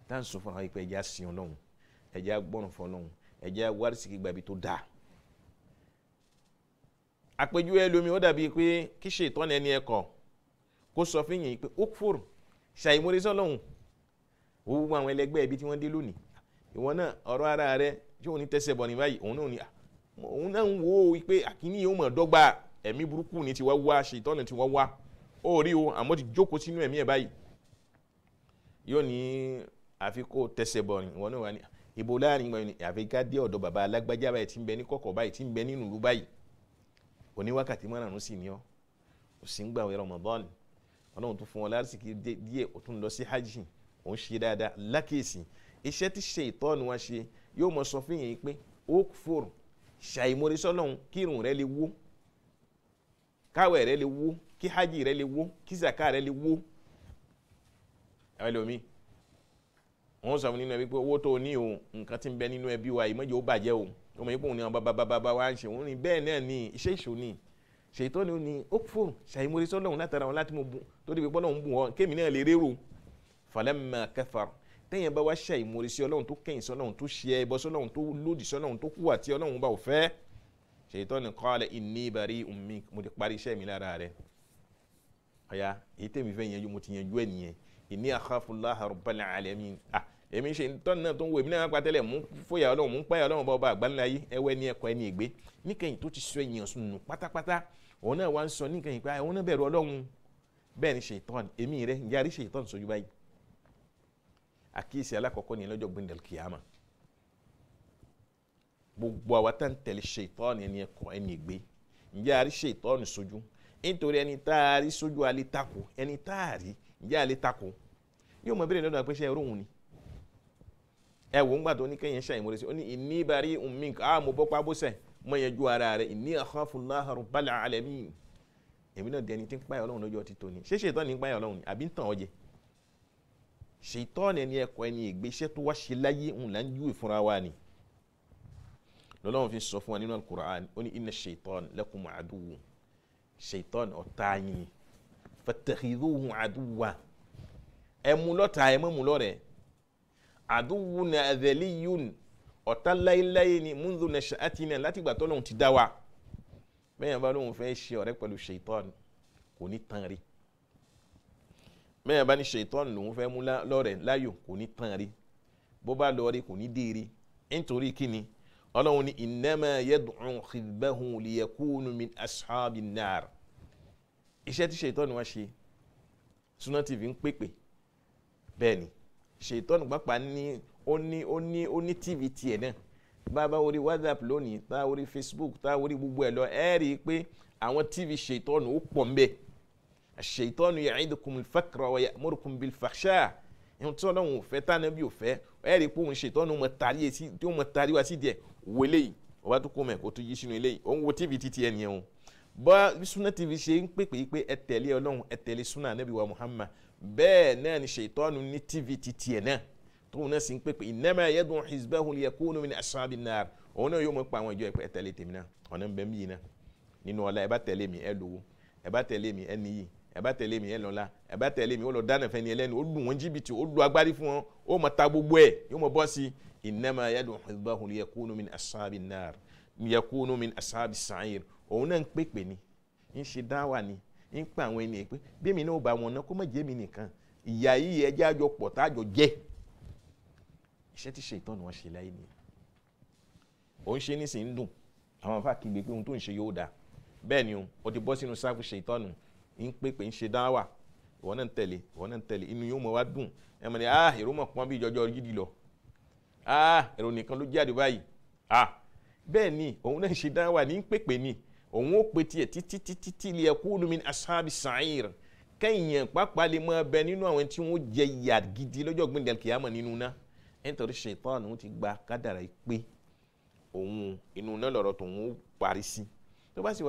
B: tá à ń sọ fúnra pé ẹja sìn ọlọ́run ẹja gbọ́ràn fún ọlọ́run ẹja wárísìkì gbàbí tó dáa àpèjúwe ẹlòmíì ó dàbí pé kí ṣètọ́ni ẹni ẹ̀kọ́ kó sọ fún yìnyín pé okfor ṣàìmúrí sọlọ́hún gbogbo àwọn ẹlẹgbẹ́ ibi tí wọ́n dé lónìí ìwọ náà ọ̀rọ̀ ara rẹ tí òun ní tẹ́sẹ̀ bọ̀ ní báyìí òun náà ní à ah, òun náà ń wo pé àkíní yóò mọ̀ dọ́gba ẹ̀mí burúkú ni tiwa wá ṣe ìtọ́nà tiwa wá ó rí o àmọ́ ti jókòó sínú ẹ̀mí ẹ̀ báyìí yóò ní àfi tẹsẹ̀ bọ̀ ni ìwọ náà wà ní ibo láàrin ìgbà yìí àfi ká dé ọ̀dọ̀ bàbá alágbájá báyìí ti ń bẹ ní kọ̀kọ̀ báyìí ti ń bẹ nínú ìlú báyìí òní wákàtí márùn-ún sì ni ọ́ kò sí ń gbà wẹ́rọ mọ̀dọ́ọ̀nì ọlọ́run ṣàìmọ̀rẹ́ sọ́lọ́run kí irun rẹ lè wó káwẹ̀ rẹ lè wó kí hajj rẹ lè wó kí zaka rẹ lè wó ẹ̀wẹ́ lomi wọ́n sọ fún nínú ẹbí pé owó tó ní o nǹkan tí ń bẹ nínú ẹbí wa yìí mọ́jọ́ ó bàjẹ́ o ọmọ yìí pò ní ọba bàbá wa ń ṣe òun ní bẹ́ẹ̀ náà ní iṣẹ́ ìṣò ní ṣètò ni ó ní ó fò ṣàìmọ̀rẹ́ sọ́lọ́run látara wọn láti mọ̀ bùn tó débi pọ́lọ́run bùn wọn kémi náà lè rérò falamma kafar téèyàn bá wá ṣe ìmúre sí ọlọ́run tó kẹ́yìn sí ọlọ́run tó ṣe ẹbọ sí ọlọ́run tó lòdì sí ọlọ́run tó kúwà tí ọlọ́run bá ò fẹ́ ṣètò ní kọ́lẹ̀ ìní ìbàrí omi mo ti parí iṣẹ́ mi lára rẹ̀ ọ̀ya èyí tèmi fẹ́ yanjú mo ti yanjú ẹ̀ nìyẹn ìní akhafullaha rabbal alamin à èmi ṣe tọ́ni náà tó ń wo èmi náà pàtẹ́lẹ̀ mú fòyà ọlọ́run mú páyà ọlọ́run bá àkíyèsí alákọ̀ọ́kọ́ ní lọ́jọ́ gbẹ̀ndẹ̀l kìyàmà gbogbo àwa tá à ń tẹ̀lé ṣètọ́ọ̀nù ẹni ẹ̀kọ́ ẹni ìgbé ǹjẹ́ a rí ṣètọ́ọ̀nù sójú nítorí ẹni tá a rí sójú alẹ́ tako ẹni tá a rí ǹjẹ́ alẹ́ tako yóò mọ bẹ́ẹ̀ lọ́dọ̀ àpẹṣẹ ẹrú òun ni ẹ wò ń gbà tó ní kẹ́yìn ṣàyìn mọ́rẹ́sì ó ní ìní bari ummink a mo bọ́ pábọ́sẹ̀ mo yẹn ju ara rẹ̀ ìní akhafullaha rabbal alamin èmi náà dẹni tí ń páyà ọlọ́run lọ́jọ́ ti tó ni ṣé ṣètọ́ọ̀nù ń páyà ọlọ́run àbí ń tàn ọ́ jẹ́ ṣètọ́ọ̀nù ẹni ẹ̀kọ́ ẹni ìgbésẹ̀ tó wá ṣe láyé òun là ń júwe fúnra wa ni lọ́lọ́run fi sọ fún wa nínú alukur'an ó ní inna ṣètọ́ọ̀nù lakum àdúwù ṣètọ́ọ̀nù ọ̀tá yín fattakhidhuhu àdúwà ẹ mú lọ́tà ẹ mọ́ mú lọ́rẹ̀ẹ́ àdúwù na adhaliyun ọ̀tá láéláé ni mundu nasha'atina látìgbà tọ́lọ́run ti dá wa bẹ́ẹ̀ yẹn mẹ́rin bá ní ṣètọ́nù lòun fẹ́ mú lọ́rẹ̀ láyò kò ní tán rí bó bá lọ rí kò ní dé rí nítorí kíni ọlọ́run ní ìnẹ́mẹ̀ yẹ́dùn xìbẹ́hùn lìyẹ̀kúnú mi asáàbì náà iṣẹ́ tí ṣètọ́nù wá ṣe Sunna TV ń pèpè bẹ́ẹ̀ ni ṣètọ́nù pápá ní ó ní ó ní ó ní TV tiẹ̀ náà bá a bá orí WhatsApp lónìí tá a orí Facebook tá a orí gbogbo ẹ̀ lọ ẹ́ rí i pé àwọn TV ṣètọ́nù ó pọ̀ ń bẹ́ẹ̀ aṣèitọ́nu ya'idukum al-fakra wa ya'murukum bil-fakhsha ẹ̀hún tí ọlọ́run ò fẹ́ tánà bí ò fẹ́ ẹ̀ rí i pé òun ṣèitọ́nu mọ̀ tàrí etí tí ó mọ̀ tàrí wá sí díẹ̀ wò eléyìí ọba tó kó mẹ́ kó tó yí sínú eléyìí òun wo tv títí ẹ̀ nìyẹn o bọ́ Sunna TV ṣe ń pèpè pé ẹ tẹ̀lé ọlọ́run ẹ tẹ̀lé Sunna Nabi wa Muhammad bẹ́ẹ̀ náà ni ṣèitọ́nu ní tv títí ẹ̀ náà tóun náà sì ń pèpè innama yad'u hizbahu liyakunu min ẹ bá tẹ̀lé mi ẹ lọ́la ẹ bá tẹ̀lé mi ó lọ dáná fẹ́ni ẹlẹ́nu ó lù wọ́n jìbìtì ó lu agbárí fún wọn ó mọ̀ ta gbogbo ẹ̀ yóò mọ̀ bọ́ sí i innama yadu hizbahu liyakunu min ashabi nar liyakunu min ashabi sa'ir òun náà ń pèpè ni ń ṣe dáwà ni ń pa àwọn ènìyàn pé bí èmi náà bá wọn ná kó má jẹ́ mi nìkan ìyá yìí ẹ jẹ́ àjọ pọ̀ tá àjọ jẹ́ iṣẹ́ tí ṣe ìtọ́nù wọn ṣe láyé ni o ti ń pèpè ń ṣe dáwà ìwọ náà ń tẹ̀lé ìwọ náà ń tẹ̀lé inú yóò mọ̀ wá dùn ẹ mọ̀ ní ah èrò mọ̀ pọ́n bí ìjọjọ́ gidi lọ ah èrò nìkan ló jáde báyìí ah bẹ́ẹ̀ ni òun náà ń ṣe dáwà ní ń pèpè ni òun ó pe tiẹ̀ títí títí tí ilé ẹ̀kú olùmí asábì sàáyìr kẹ́yìn pápá lè mọ ẹbẹ nínú àwọn tí wọ́n jẹ ìyà gidi lọ́jọ́ gbẹ̀ndẹ̀l kìyàmọ̀ nínú náà nítorí ṣètọ́n òun ti gba kádàrá pé òun inú náà lọ̀rọ̀ tòun ó parí sí tó bá sì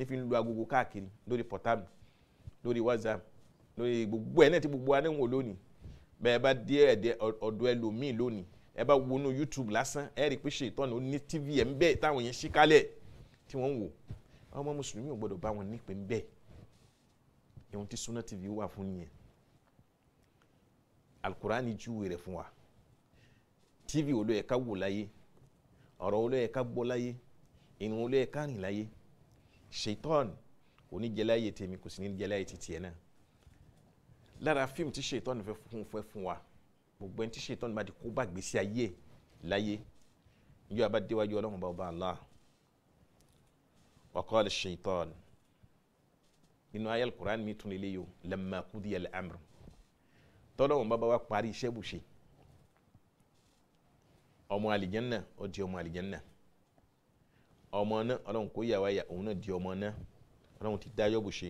B: ní fi ń lu agogo káàkiri lórí portable lórí whatsapp lórí gbogbo ẹ̀ náà tí gbogbo wa náà ń wò lónìí bẹ́ẹ̀ bá díẹ̀ ẹ̀dẹ̀ ọ̀dọ̀ ẹlòmíì lónìí ẹ bá wọnú youtube lásán ẹ rí i pé ṣètọ́nù ní tv ẹ̀ ń bẹ́ẹ̀ táwọn yẹn ṣí kálẹ̀ tí wọ́n ń wò ọmọ mùsùlùmí ò gbọ́dọ̀ bá wọn nípe ń bẹ́ẹ̀ ìhun tí sunna tv wà fún nìyẹn alukurani júwe rẹ̀ fún wa tv olóyè ká wò láyé ọ̀rọ̀ olóyè ká gbọ́ láyé ìrìn olóyè ká rìn láyé shaitan kò ní jẹ láyé tèmi kò sì ní jẹ láyé títì náà lára fíìmù tí shaitan fẹ́ fún fẹ́ fún wa gbogbo ẹni tí shaitan bá di kó bá gbèsè ayé láyé níjọ́ abá déwájú ọlọ́run bá ọba Allah wa shaitan nínú ayé alukur'an mi tún lè léyò lamma qudiya al-amr tọ́lọ́run bá bá wa parí iṣẹ́ bùṣe ọmọ àlìjẹ́nà ó di ọmọ àlìjẹ́nà ọmọ náà ọlọ́run kó yà wáyà òun náà di ọmọ náà ọlọ́run ti dá yọ̀bù ṣe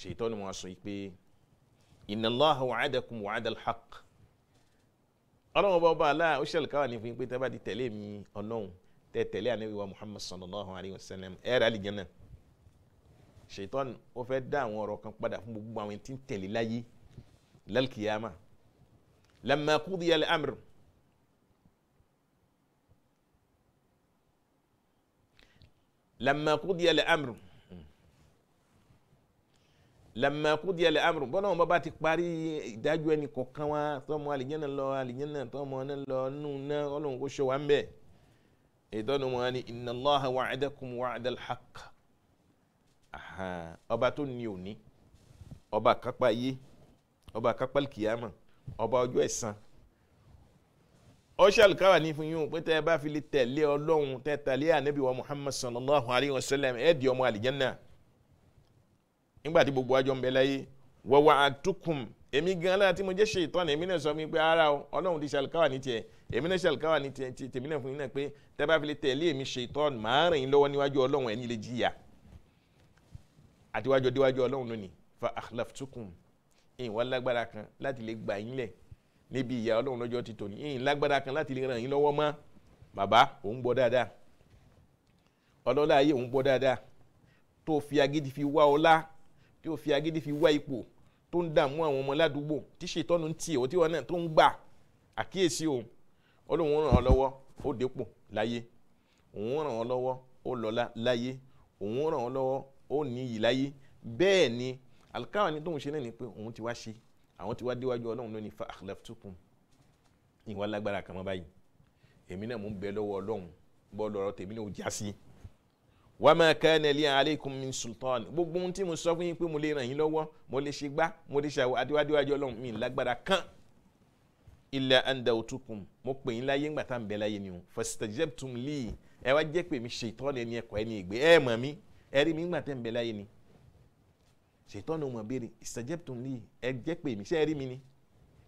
B: ṣètọ́nù wọn sọ pé inna Allaha wa'adakum wa'adal haqq ọlọ́run bá bá aláà ó ṣẹlẹ̀ káwà ní fún yín pé tẹ́bà ti tẹ̀lé mi ọlọ́run tẹ́ tẹ̀lé ànábì wa Muhammad sallallahu alayhi wa sallam ẹ̀rọ àlìjẹ́nà ṣètọ́nù ó fẹ́ dá àwọn ọ̀rọ̀ kan padà fún gbogbo àwọn tí ń tẹ̀lé láyé lálkìyàmà lamma qudiya al lamma qudiya al-amru lamma qudiya al-amru bọ́lá wọn bá ti parí ìdájọ́ ẹni kọ̀ọ̀kan wa tọ́mọ àlìjẹ́nà lọ àlìjẹ́nà tọ́mọ náà lọ nù náà ọlọ́run kò ṣe wá ń bẹ̀ ìdọ́nu wọn ni inna Allaha wa'adakum wa'adal haqq ọba tó ní òní ọba kápá ayé ọba kápá kìyàmà ọba ọjọ́ ẹ̀san ó ṣàlùkárà ní fún yín pé tẹ́ ẹ bá fi lè tẹ̀lé ọlọ́run tẹ́ tẹ̀lé ànábì wa muhammad sallallahu alayhi wa sallam ẹ̀ di ọmọ àlìjẹ́nà nígbà tí gbogbo àjọ ń bẹ láyé wọ̀wọ̀ àtúkùn èmi gan lára tí mo jẹ́ ṣe ìtọ́nà èmi náà sọ mi pé ara ọlọ́run ti ṣàlùkárà ní tiẹ̀ èmi náà ṣàlùkárà ní tiẹ̀ tèmi náà fún yín náà pé tẹ́ bá fi lè tẹ̀lé èmi ṣe ìtọ́nà níbi ìyá ọlọ́run lọ́jọ́ ti tòní ìyìn lágbára kan láti lè ràn yín lọ́wọ́ mọ́ bàbá òun gbọ́ dáadáa ọlọ́lá ayé òun gbọ́ dáadáa tó fi agídí fi wá ọlá tó fi agídí fi wá ipò tó ń dààmú àwọn ọmọ ládùúgbò tí ṣètọ́nu ń tiẹ̀ tí wọn náà tó ń gbà àkíyèsí òun ọlọ́run ràn án lọ́wọ́ ó dépò láyé òun ràn án lọ́wọ́ ó lọ́lá láyé òun ràn án lọ́wọ́ ó níyì láyé bẹ́ẹ̀ ni àlùkáwà ní tóun ṣe náà ni pé òun ti wá ṣe àwọn tí wá déwájú ọlọ́run lónìí fa akhlaftukum ìwà lágbára kan mọ́ báyìí èmi náà mò ń bẹ lọ́wọ́ ọlọ́run bọ́ lọ́rọ̀ tèmi náà ò já sí. wa ma kana li alaykum min sultan gbogbo ohun tí mo sọ fún yín pé mo lè ràn yín lọ́wọ́ mo lè ṣe gbá mo lè ṣàwọ̀ adéwájú ọlọ́run mi lágbára kan illa an da'utukum mo pè yín láyé ńgbà tá à ń bẹ láyé ni o fastajabtum li ẹ wá jẹ́ pé mi ṣètọ́ ni ẹni ẹ̀kọ́ ẹni ìgbé ẹ mọ̀ mi ẹ rí mi ńgbà tẹ́ ń bẹ láyé ni ṣètọ́nù mọ̀ béèrè ìsẹ̀jẹ̀pùtùn ní ẹgbẹ́ pè mí ṣé ẹ rí mi ni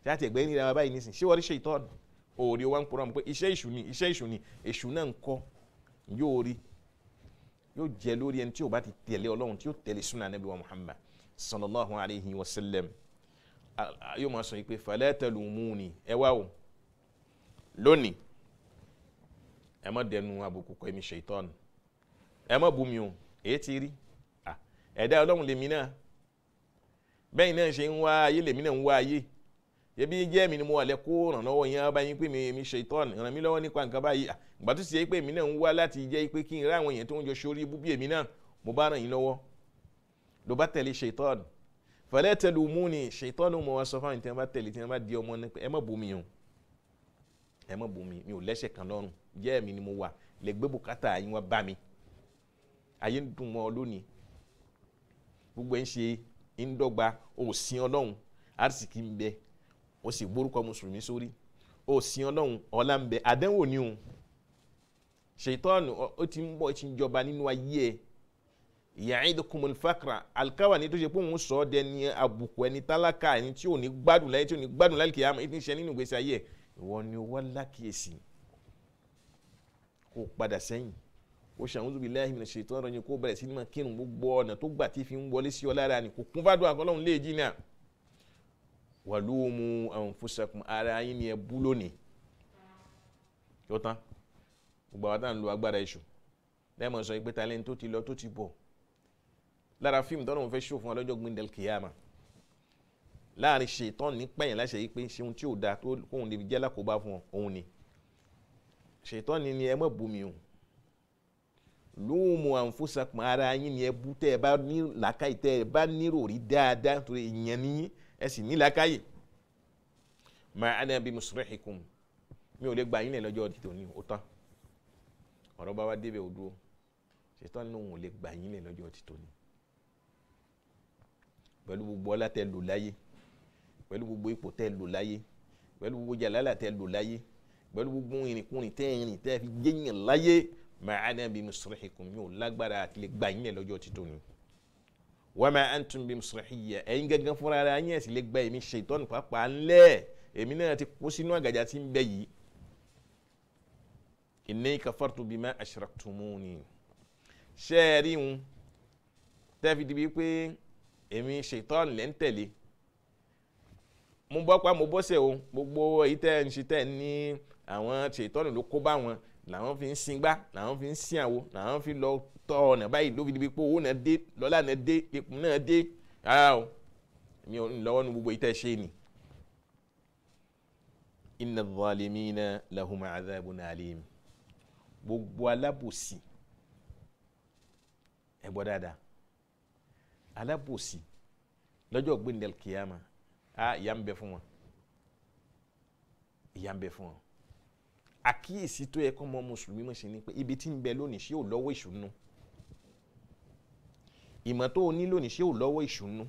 B: ṣé àti ẹgbẹ́ ní ìdára báyìí nísìn ṣé wọ́n rí ṣètọ́nù òòrè wa ń purọ́ mọ̀ pé iṣẹ́ ìṣù ni iṣẹ́ ìṣù ni èṣù náà ń kọ́ yóò rí yóò jẹ lórí ẹni tí ó bá ti tẹ̀lé ọlọ́run tí ó tẹ̀lé sunna nabi wa muhammad sallallahu alayhi wa sallam yóò máa sọ pé fala talumuni ẹ wá o lónìí ẹ má dẹnu àbùkù kọ́ ẹ̀mí ṣètọ́nù ẹ má bú mi ọlọ́run lèmi náà bẹ́ẹ̀ náà ṣe ń wá ayé lèmi náà ń wá ayé yẹbi jẹ́ mi ni mo wà lẹ́kọ́ rànlọ́wọ́ yẹn ọba yín pé mi mi ṣe ìtọ́nà ràn mí lọ́wọ́ nípa nǹkan báyìí ìgbà tó ti yẹ pé mi náà ń wá láti jẹ́ pé kí n rá àwọn èèyàn tó ń jọ sórí ibú bí èmi náà mo bá ràn yín lọ́wọ́ ló bá tẹ̀lé ṣe ìtọ́nà fẹlẹ́ tẹ̀lé mú ni ṣe ìtọ́nà mo wá sọ fáwọn tí wọ́n bá tẹ̀lé tí wọ́n bá di ọmọ nípa ẹ má bú o ẹ má bú mi ò lẹ́sẹ̀ kan lọ́rùn ń dọ́gba o sin ọlọ́run arsìkì ń bẹ o sì gbórúkọ mùsùlùmí sórí o sin ọlọ́run ọlá ń bẹ àdánwò ni o ṣètọ́nù ó ti ń bọ̀ ó ti ń jọba nínú ayé ẹ̀ yàídù kùmùn fàkàrà alikawa ni tó ṣe pé òun sọ ọ́ dẹni àbùkù ẹni tálákà ẹni tí ò ní gbádùn láyé tí ò ní gbádùn láyé kìí àmọ́ ètò ìṣẹ́ nínú ìgbésí ayé ẹ̀ ìwọ ni ó lákìyèsí kó padà sẹ́yìn ó ṣe a'udhu billahi minash shaitonir rajim kó bẹ̀rẹ̀ sí ní máa kírun gbogbo ọ̀nà tó gbà tí fi ń wọlé sí ọ lára ni kò kún fádùn àkọlọ́hún lè jìnnà walumu anfusakum ara yín ni ẹ bú lónìí yóò tán gbogbo àwọn táwọn lo agbára iṣu lẹ́mọ̀ sọ pé talent tó ti lọ tó ti bọ̀ lára fíìmù tọ́nà òun fẹ́ ṣòfò wọn lọ́jọ́ gbìndẹ̀l kìyàmà láàrin ṣètọ́n ní pẹ̀yìn láṣẹ yìí pé ṣeun tí ò dáa tó kóun lè jẹ́ lákòóbá fún ọ òun ni ṣètọ́n ni ẹ mọ̀ bùnmi òun Lumu ànfọ́sàkùn ara yín ni ẹ bú tẹ́ ẹ bá ní làákàyè tẹ́ ẹ bá nírò rí dáadáa ma ana bi ẹ sì ní làákàyè mà á náà bí musrihikum mi ò lè gba yín lẹ̀ lọ́jọ́ òdìtò ní o tán ọ̀rọ̀ bá wá débẹ̀ ò dúró ṣètàn ní òun ò lè gbà yín lẹ̀ lọ́jọ́ òtítọ́ ni pẹ̀lú gbogbo ọlá tẹ lò láyé pẹ̀lú gbogbo ipò tẹ lò láyé pẹ̀lú gbogbo jàlálà tẹ lò láyé pẹ̀lú gbogbo ìrìnkúrìn tẹ ìrìn tẹ fi màánà bí musrihikum yóò lágbára àti lè gbà yín lẹ̀ lọ́jọ́ títò ni wa ma antum bí musrihiyya ẹ̀yin gángan fúnra ara yín ẹ̀sìn lè gba èmi ṣètọ́nù pàápàá ńlẹ̀ èmi náà ti kó sínú àgàjà tí ń bẹ yìí inni kafartu bima ashraktumuni ṣe é rí wọn tẹ́fi di bíi pé èmi ṣètọ́nù lẹ́ ń mo bọ́ pa mo bọ́sẹ̀ o gbogbo èyí tẹ́ ń ṣe tẹ́ ní àwọn ṣètọ́nù ló kó bá wọn làwọn fi ń sin gbá làwọn fi ń sin àwo làwọn fi lọ tọ ọ̀nà báyìí ló fi di pé owó náà dé lọ́lá náà dé ipò náà dé rárá o mi ò lọ́wọ́ nu gbogbo ìtẹ́ ṣe ni. inna zalimina lahum adhabun alim gbogbo alábòsí ẹ gbọ́ dáadáa alábòsí lọ́jọ́ gbẹ̀ndẹ̀l kìyàmà á ń bẹ fún wọn ìyà ń bẹ fún wọn àkíyèsí tó yẹ kọ́ mọ́ mùsùlùmí mọ̀ sí ni pé ibi tí ń bẹ lónìí ṣé ò lọ́wọ́ ìṣúnú ìmọ̀ tó o ní lónìí ṣé ò lọ́wọ́ ìṣúnú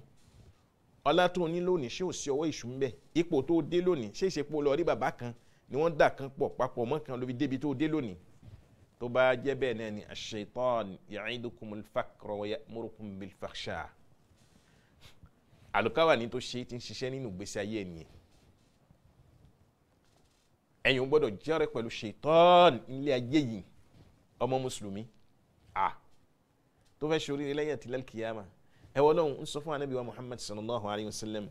B: ọlá tó o ní lónìí ṣé ò sí ọwọ́ ìṣúnú bẹ́ẹ̀ ipò tó o dé lónìí ṣé ìṣepò lọ rí bàbá kan ni wọ́n dà kan pọ̀ papọ̀ mọ́ kan ló débi tó o dé lónìí tó bá jẹ́ bẹ́ẹ̀ náà ni aṣetán ya'idukumul fakra ẹ̀yin ò gbọ́dọ̀ jẹ́rẹ̀ pẹ̀lú ṣètọ́ọ̀nù ilé ayé yìí ọmọ mùsùlùmí à tó fẹ́ ṣorí lẹ́yìn àti lẹ́kìyàmà ẹ wọ́n lọ́hùn ń sọ fún anabi wa muhammad sallallahu alayhi wa sallam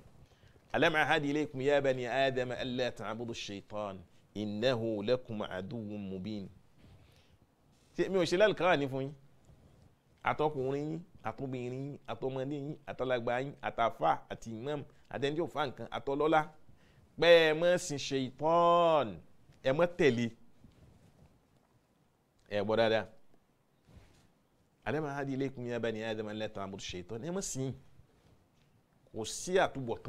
B: alam ahadi ilaykum ya bani adam alla ta'budu shaitan innahu lakum aduwwun mubin ṣé mi ò ṣe lálùkàrà ní fún yín àtọkùnrin yín àtọbìnrin yín àtọmọdé yín àtàlágbà yín àtàfà àti imam àtẹnudí òfà àtọlọ́lá pé ẹ mọ́ sìn ṣe ìtọ́n ẹ mọ́ tẹ̀lé ẹ gbọ́ Adama adi hadi ilaykum ya bani adam an la ta'budu ẹ kò sí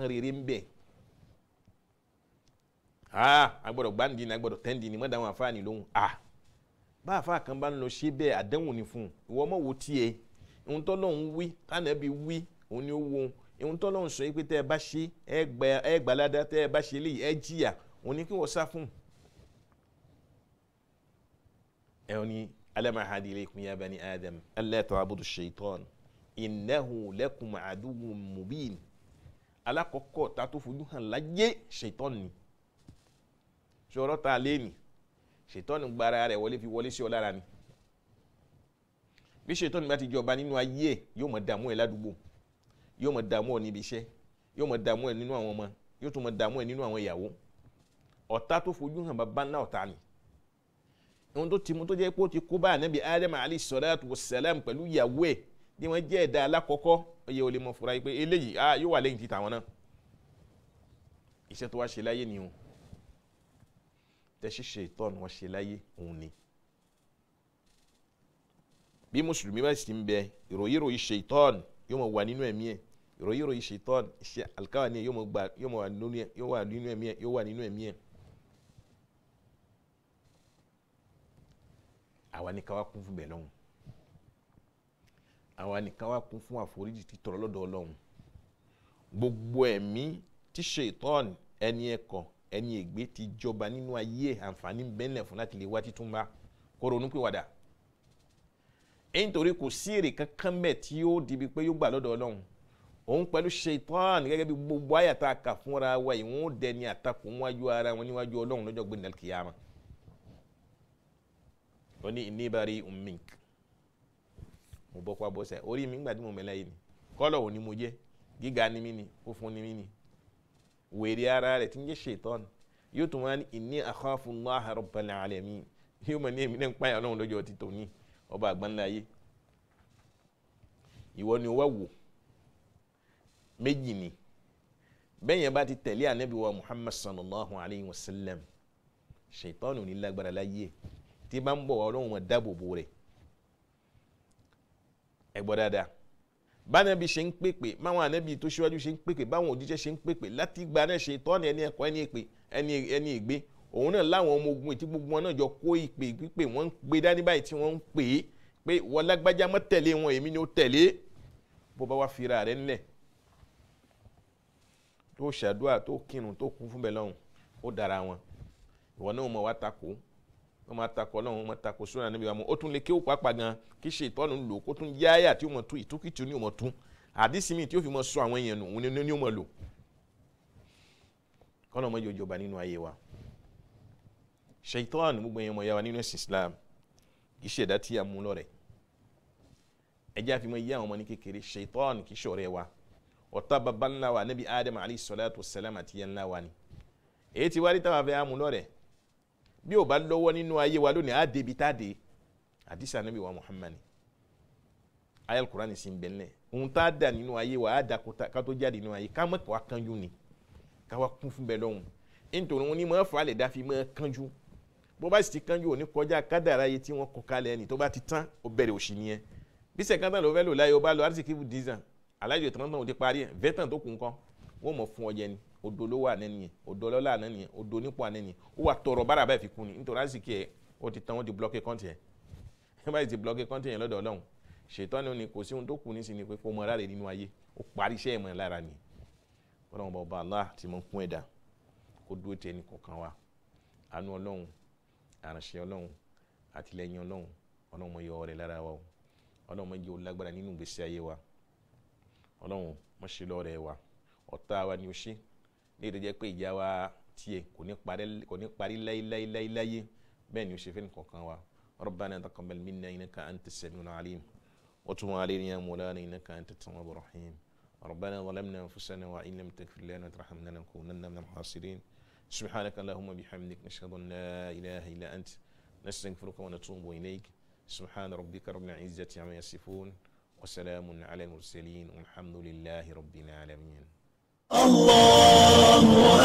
B: rere ń bẹ ah agbado gbáǹdì ni agbọ́dọ̀ tẹ́ǹdì ni mọ́dàwọn àfáàní lóhùn ah bá àfa kan bá ń lọ ṣe bẹ́ẹ̀ àdéhùn ni fún un ìwọ ọmọ wo tiẹ̀ ń tọ́ lọ́hùn wí ìhun tó lọ́hùn sọ pé tẹ́ ẹ bá ṣe ẹ gbàládá tẹ́ ẹ bá ṣe lè ẹ jìyà òun ni kí wọ́n sá fún ẹ ní alam ahadi ilaykum ya bani adam alla ta'budu shaytan innahu lakum aduwwun mubin alákọ̀ọ́kọ́ ta tó fojú hàn láyé ṣètọ́n ni ṣọ̀rọ̀ ta lé ni ṣètọ́n ni rẹ̀ wọlé fi wọlé sí ọ lára ni bí ṣètọ́n bá ti jọba nínú ayé yóò mọ̀ dààmú ẹ̀ ládùúgbò yóò mọ dààmú ọ níbi iṣẹ́ yóò mọ dààmú ẹ nínú àwọn ọmọ yóò tún mọ dààmú ẹ nínú àwọn ìyàwó ọ̀tá tó fojú hàn bàbá ńlá ọ̀tá ni ohun tó ti mú tó jẹ́ pé ó ti kó bá ànábì adam ali sọ̀dáàtù sàlám pẹ̀lú ìyàwó ẹ̀ bí wọ́n jẹ́ ẹ̀dá alákọ̀ọ́kọ́ oyè olè mọ̀ fura yìí pé eléyìí ah yóò wà lẹ́yìn títà wọn náà iṣẹ́ tó wá ṣe láyé ni o tẹ́sí ìtọ́nù wọn ṣe láyé òun ni bí mùsùlùmí bá sì ń bẹ ìròyìn ìròyìn ṣe ìtọ́nù yóò mọ̀ wà nínú ẹ̀mí ẹ̀ ìròyìn ìròyìn ṣètọ́n iṣẹ́ alikawa ni yóò mọ̀ wà nínú ẹ̀mí ẹ̀ yóò wà nínú ẹ̀mí ẹ̀ yóò wà nínú ẹ̀mí ẹ̀. àwa ni ká kún fún bẹ̀ lọ́hùn àwa ni ká kún fún àforíjì títọrọ lọ́dọ̀ ọlọ́hùn gbogbo ẹ̀mí tí ṣètọ́n ẹni ẹ̀kọ́ ẹni ègbé ti jọba nínú ayé àǹfààní bẹ́ẹ̀lẹ̀ fún láti lè wá títúmbà kó ronú ẹ̀yìn torí kò sí èrè kankan mẹ́ tí yóò dibi pé yóò gbà lọ́dọ̀ ọlọ́run òun pẹ̀lú ṣetán gẹ́gẹ́ bí gbogbo àyàtà kà fúnra wa yìí wọ́n dẹni àtakò wájú ara wọn níwájú ọlọ́run lọ́jọ́ gbé nàlẹ́ kìyàmà ó ní ìníbàárí mink mo bọ́ pa bọ́sẹ̀ orí mi gbàdúmọ̀ mẹ́lá yìí ni kọ́lọ̀ òní mo jẹ́ gíga ni mí ni fúnfún ni mí ni wèrè ara rẹ̀ tí ń jẹ́ ṣetán yóò tún wá ní ìní àkọ́fúnláhà rọ̀bẹ̀lẹ̀ àlẹ́mí yóò mọ̀ ní èmi náà ń pààyàn ọlọ́run lọ́jọ́ ti tòun ọba àgbáńlá ayé ìwọ ni wá wò méjì ni bẹ́ẹ̀ yẹn bá ti tẹ̀lé ànábì wa muhammad sallallahu alayhi wa sallam ṣètọ́nù ní lágbára láyé tí bá ń bọ̀ ọlọ́run wọn dáàbò bò rẹ̀ ẹ gbọ́ dáadáa bánabi ṣe ń pèpè máwọn ànábì tó ṣíwájú ṣe ń pèpè báwọn òjíṣẹ́ ṣe ń pèpè láti gba náà ṣètọ́nù ẹni ẹ̀kọ́ ẹni ègbé òun náà láwọn ọmọ ogun ètí gbogbo wọn náà jọ kó ìpè pípé wọn ń gbé dání báyìí tí wọn ń pè é pé wọn lágbájá mọ́ tẹ̀lé wọn èmi ni ó tẹ̀lé bó bá wá fira rẹ̀ ńlẹ̀ tó ṣàdúrà tó kírun tó kún fún bẹ́ẹ̀ lọ́hùn ó dára wọn ìwọ náà mọ̀ wá takò wọ́n máa takò ọlọ́run wọ́n máa takò sóra níbi wa mọ́ ó tún lè kí ó pàápàá gan kí ṣe ìtọ́nu lò kó tún yáyà tí ó mọ̀ tú ìtúkìtì ó ní ó mọ̀ tú àdísìmí tí ó fi mọ̀ sọ àwọn èèyàn nù ní ó mọ̀ lò kọ́nà ọmọ yóò jọba nínú ayé wa ṣèitán gbogbo ẹ̀yàn mọ̀ yá wa nínú ẹ̀sìn Islam iṣẹ́ ẹ̀dá tí a mú lọ́rẹ̀ ẹjẹ́ àfihàn yí àwọn ọmọ ní kékeré ṣèitán kì í ṣọ̀rẹ́ wa ọ̀tá baba ńlá wa nabi Adam alayhi salatu wassalam àti yẹn ńlá wa ni èyí ti wá rí táwa fẹ́ amú lọ́rẹ̀ bí ò bá lọ́wọ́ nínú ayé wa lónìí á débi tá dé àdìsá nabi wa Muhammad ayé al ni sì ń bẹ̀lẹ̀ ohun tá a dà nínú ayé wa á dà ká jáde nínú ayé ká mọ̀ ká wá kánjú ni ká wá kún fún bẹ́ẹ̀ lọ́hùn nítorí wọn ni mọ̀ fà á lè mọ̀ kánjú bó bá sì ti kánjú òní kọjá kádàrá yìí tí wọ́n kọ kalẹ̀ ẹni tó bá ti tán ó bẹ̀rẹ̀ òṣì nìyẹn bí sẹ̀kán tán ló fẹ́ lò láyé ó bá lọ arísìkí dizan alájò tán tán ó ti parí ẹ̀ vẹ́tàn tó kún kan wọ́n mọ̀ fún ọjẹ́ ni odò ló wà nẹ́niyẹn odò lọ́la nẹ́niyẹn odò nípò nẹ́niyẹn ó wà tọrọ bára báyìí fi kún ni nítorí arísìkí ẹ̀ ó ti tán ó ti blọ́kì kọ́ńtì ẹ̀ ẹ̀ báyìí ti blọ́kì kọ́ńtì yẹn lọ́dọ̀ ọlọ́run ṣètọ́ni ò ní kò sí ohun tó kù ní sí ni pé kó mọ ara rẹ̀ nínú ayé àránṣẹ́ ọlọ́run àtìlẹ́yìn ọlọ́run ọlọ́run mọ yọ ọrẹ lára wa o ọlọ́run mọ jẹ́ olágbára nínú ìgbésí ayé wa ọlọ́run mọ ṣe lọ́rẹ̀ wa ọ̀tá wa ni o ṣe ní èdè jẹ́ pé ìjà wa tiẹ̀ kò ní parí láyéláyéláyé bẹ́ẹ̀ ni o ṣe fẹ́ nìkankan wa ربنا تقبل منا إنك أنت السميع العليم وتب علينا يا مولانا إنك أنت التواب الرحيم ربنا ظلمنا أنفسنا وإن لم تغفر لنا وترحمنا لنكونن من الخاسرين سبحانك اللهم بحمدك نشهد أن لا إله إلا أنت نستغفرك ونتوب إليك سبحان ربك رب العزة عما يصفون وسلام على المرسلين والحمد لله رب العالمين الله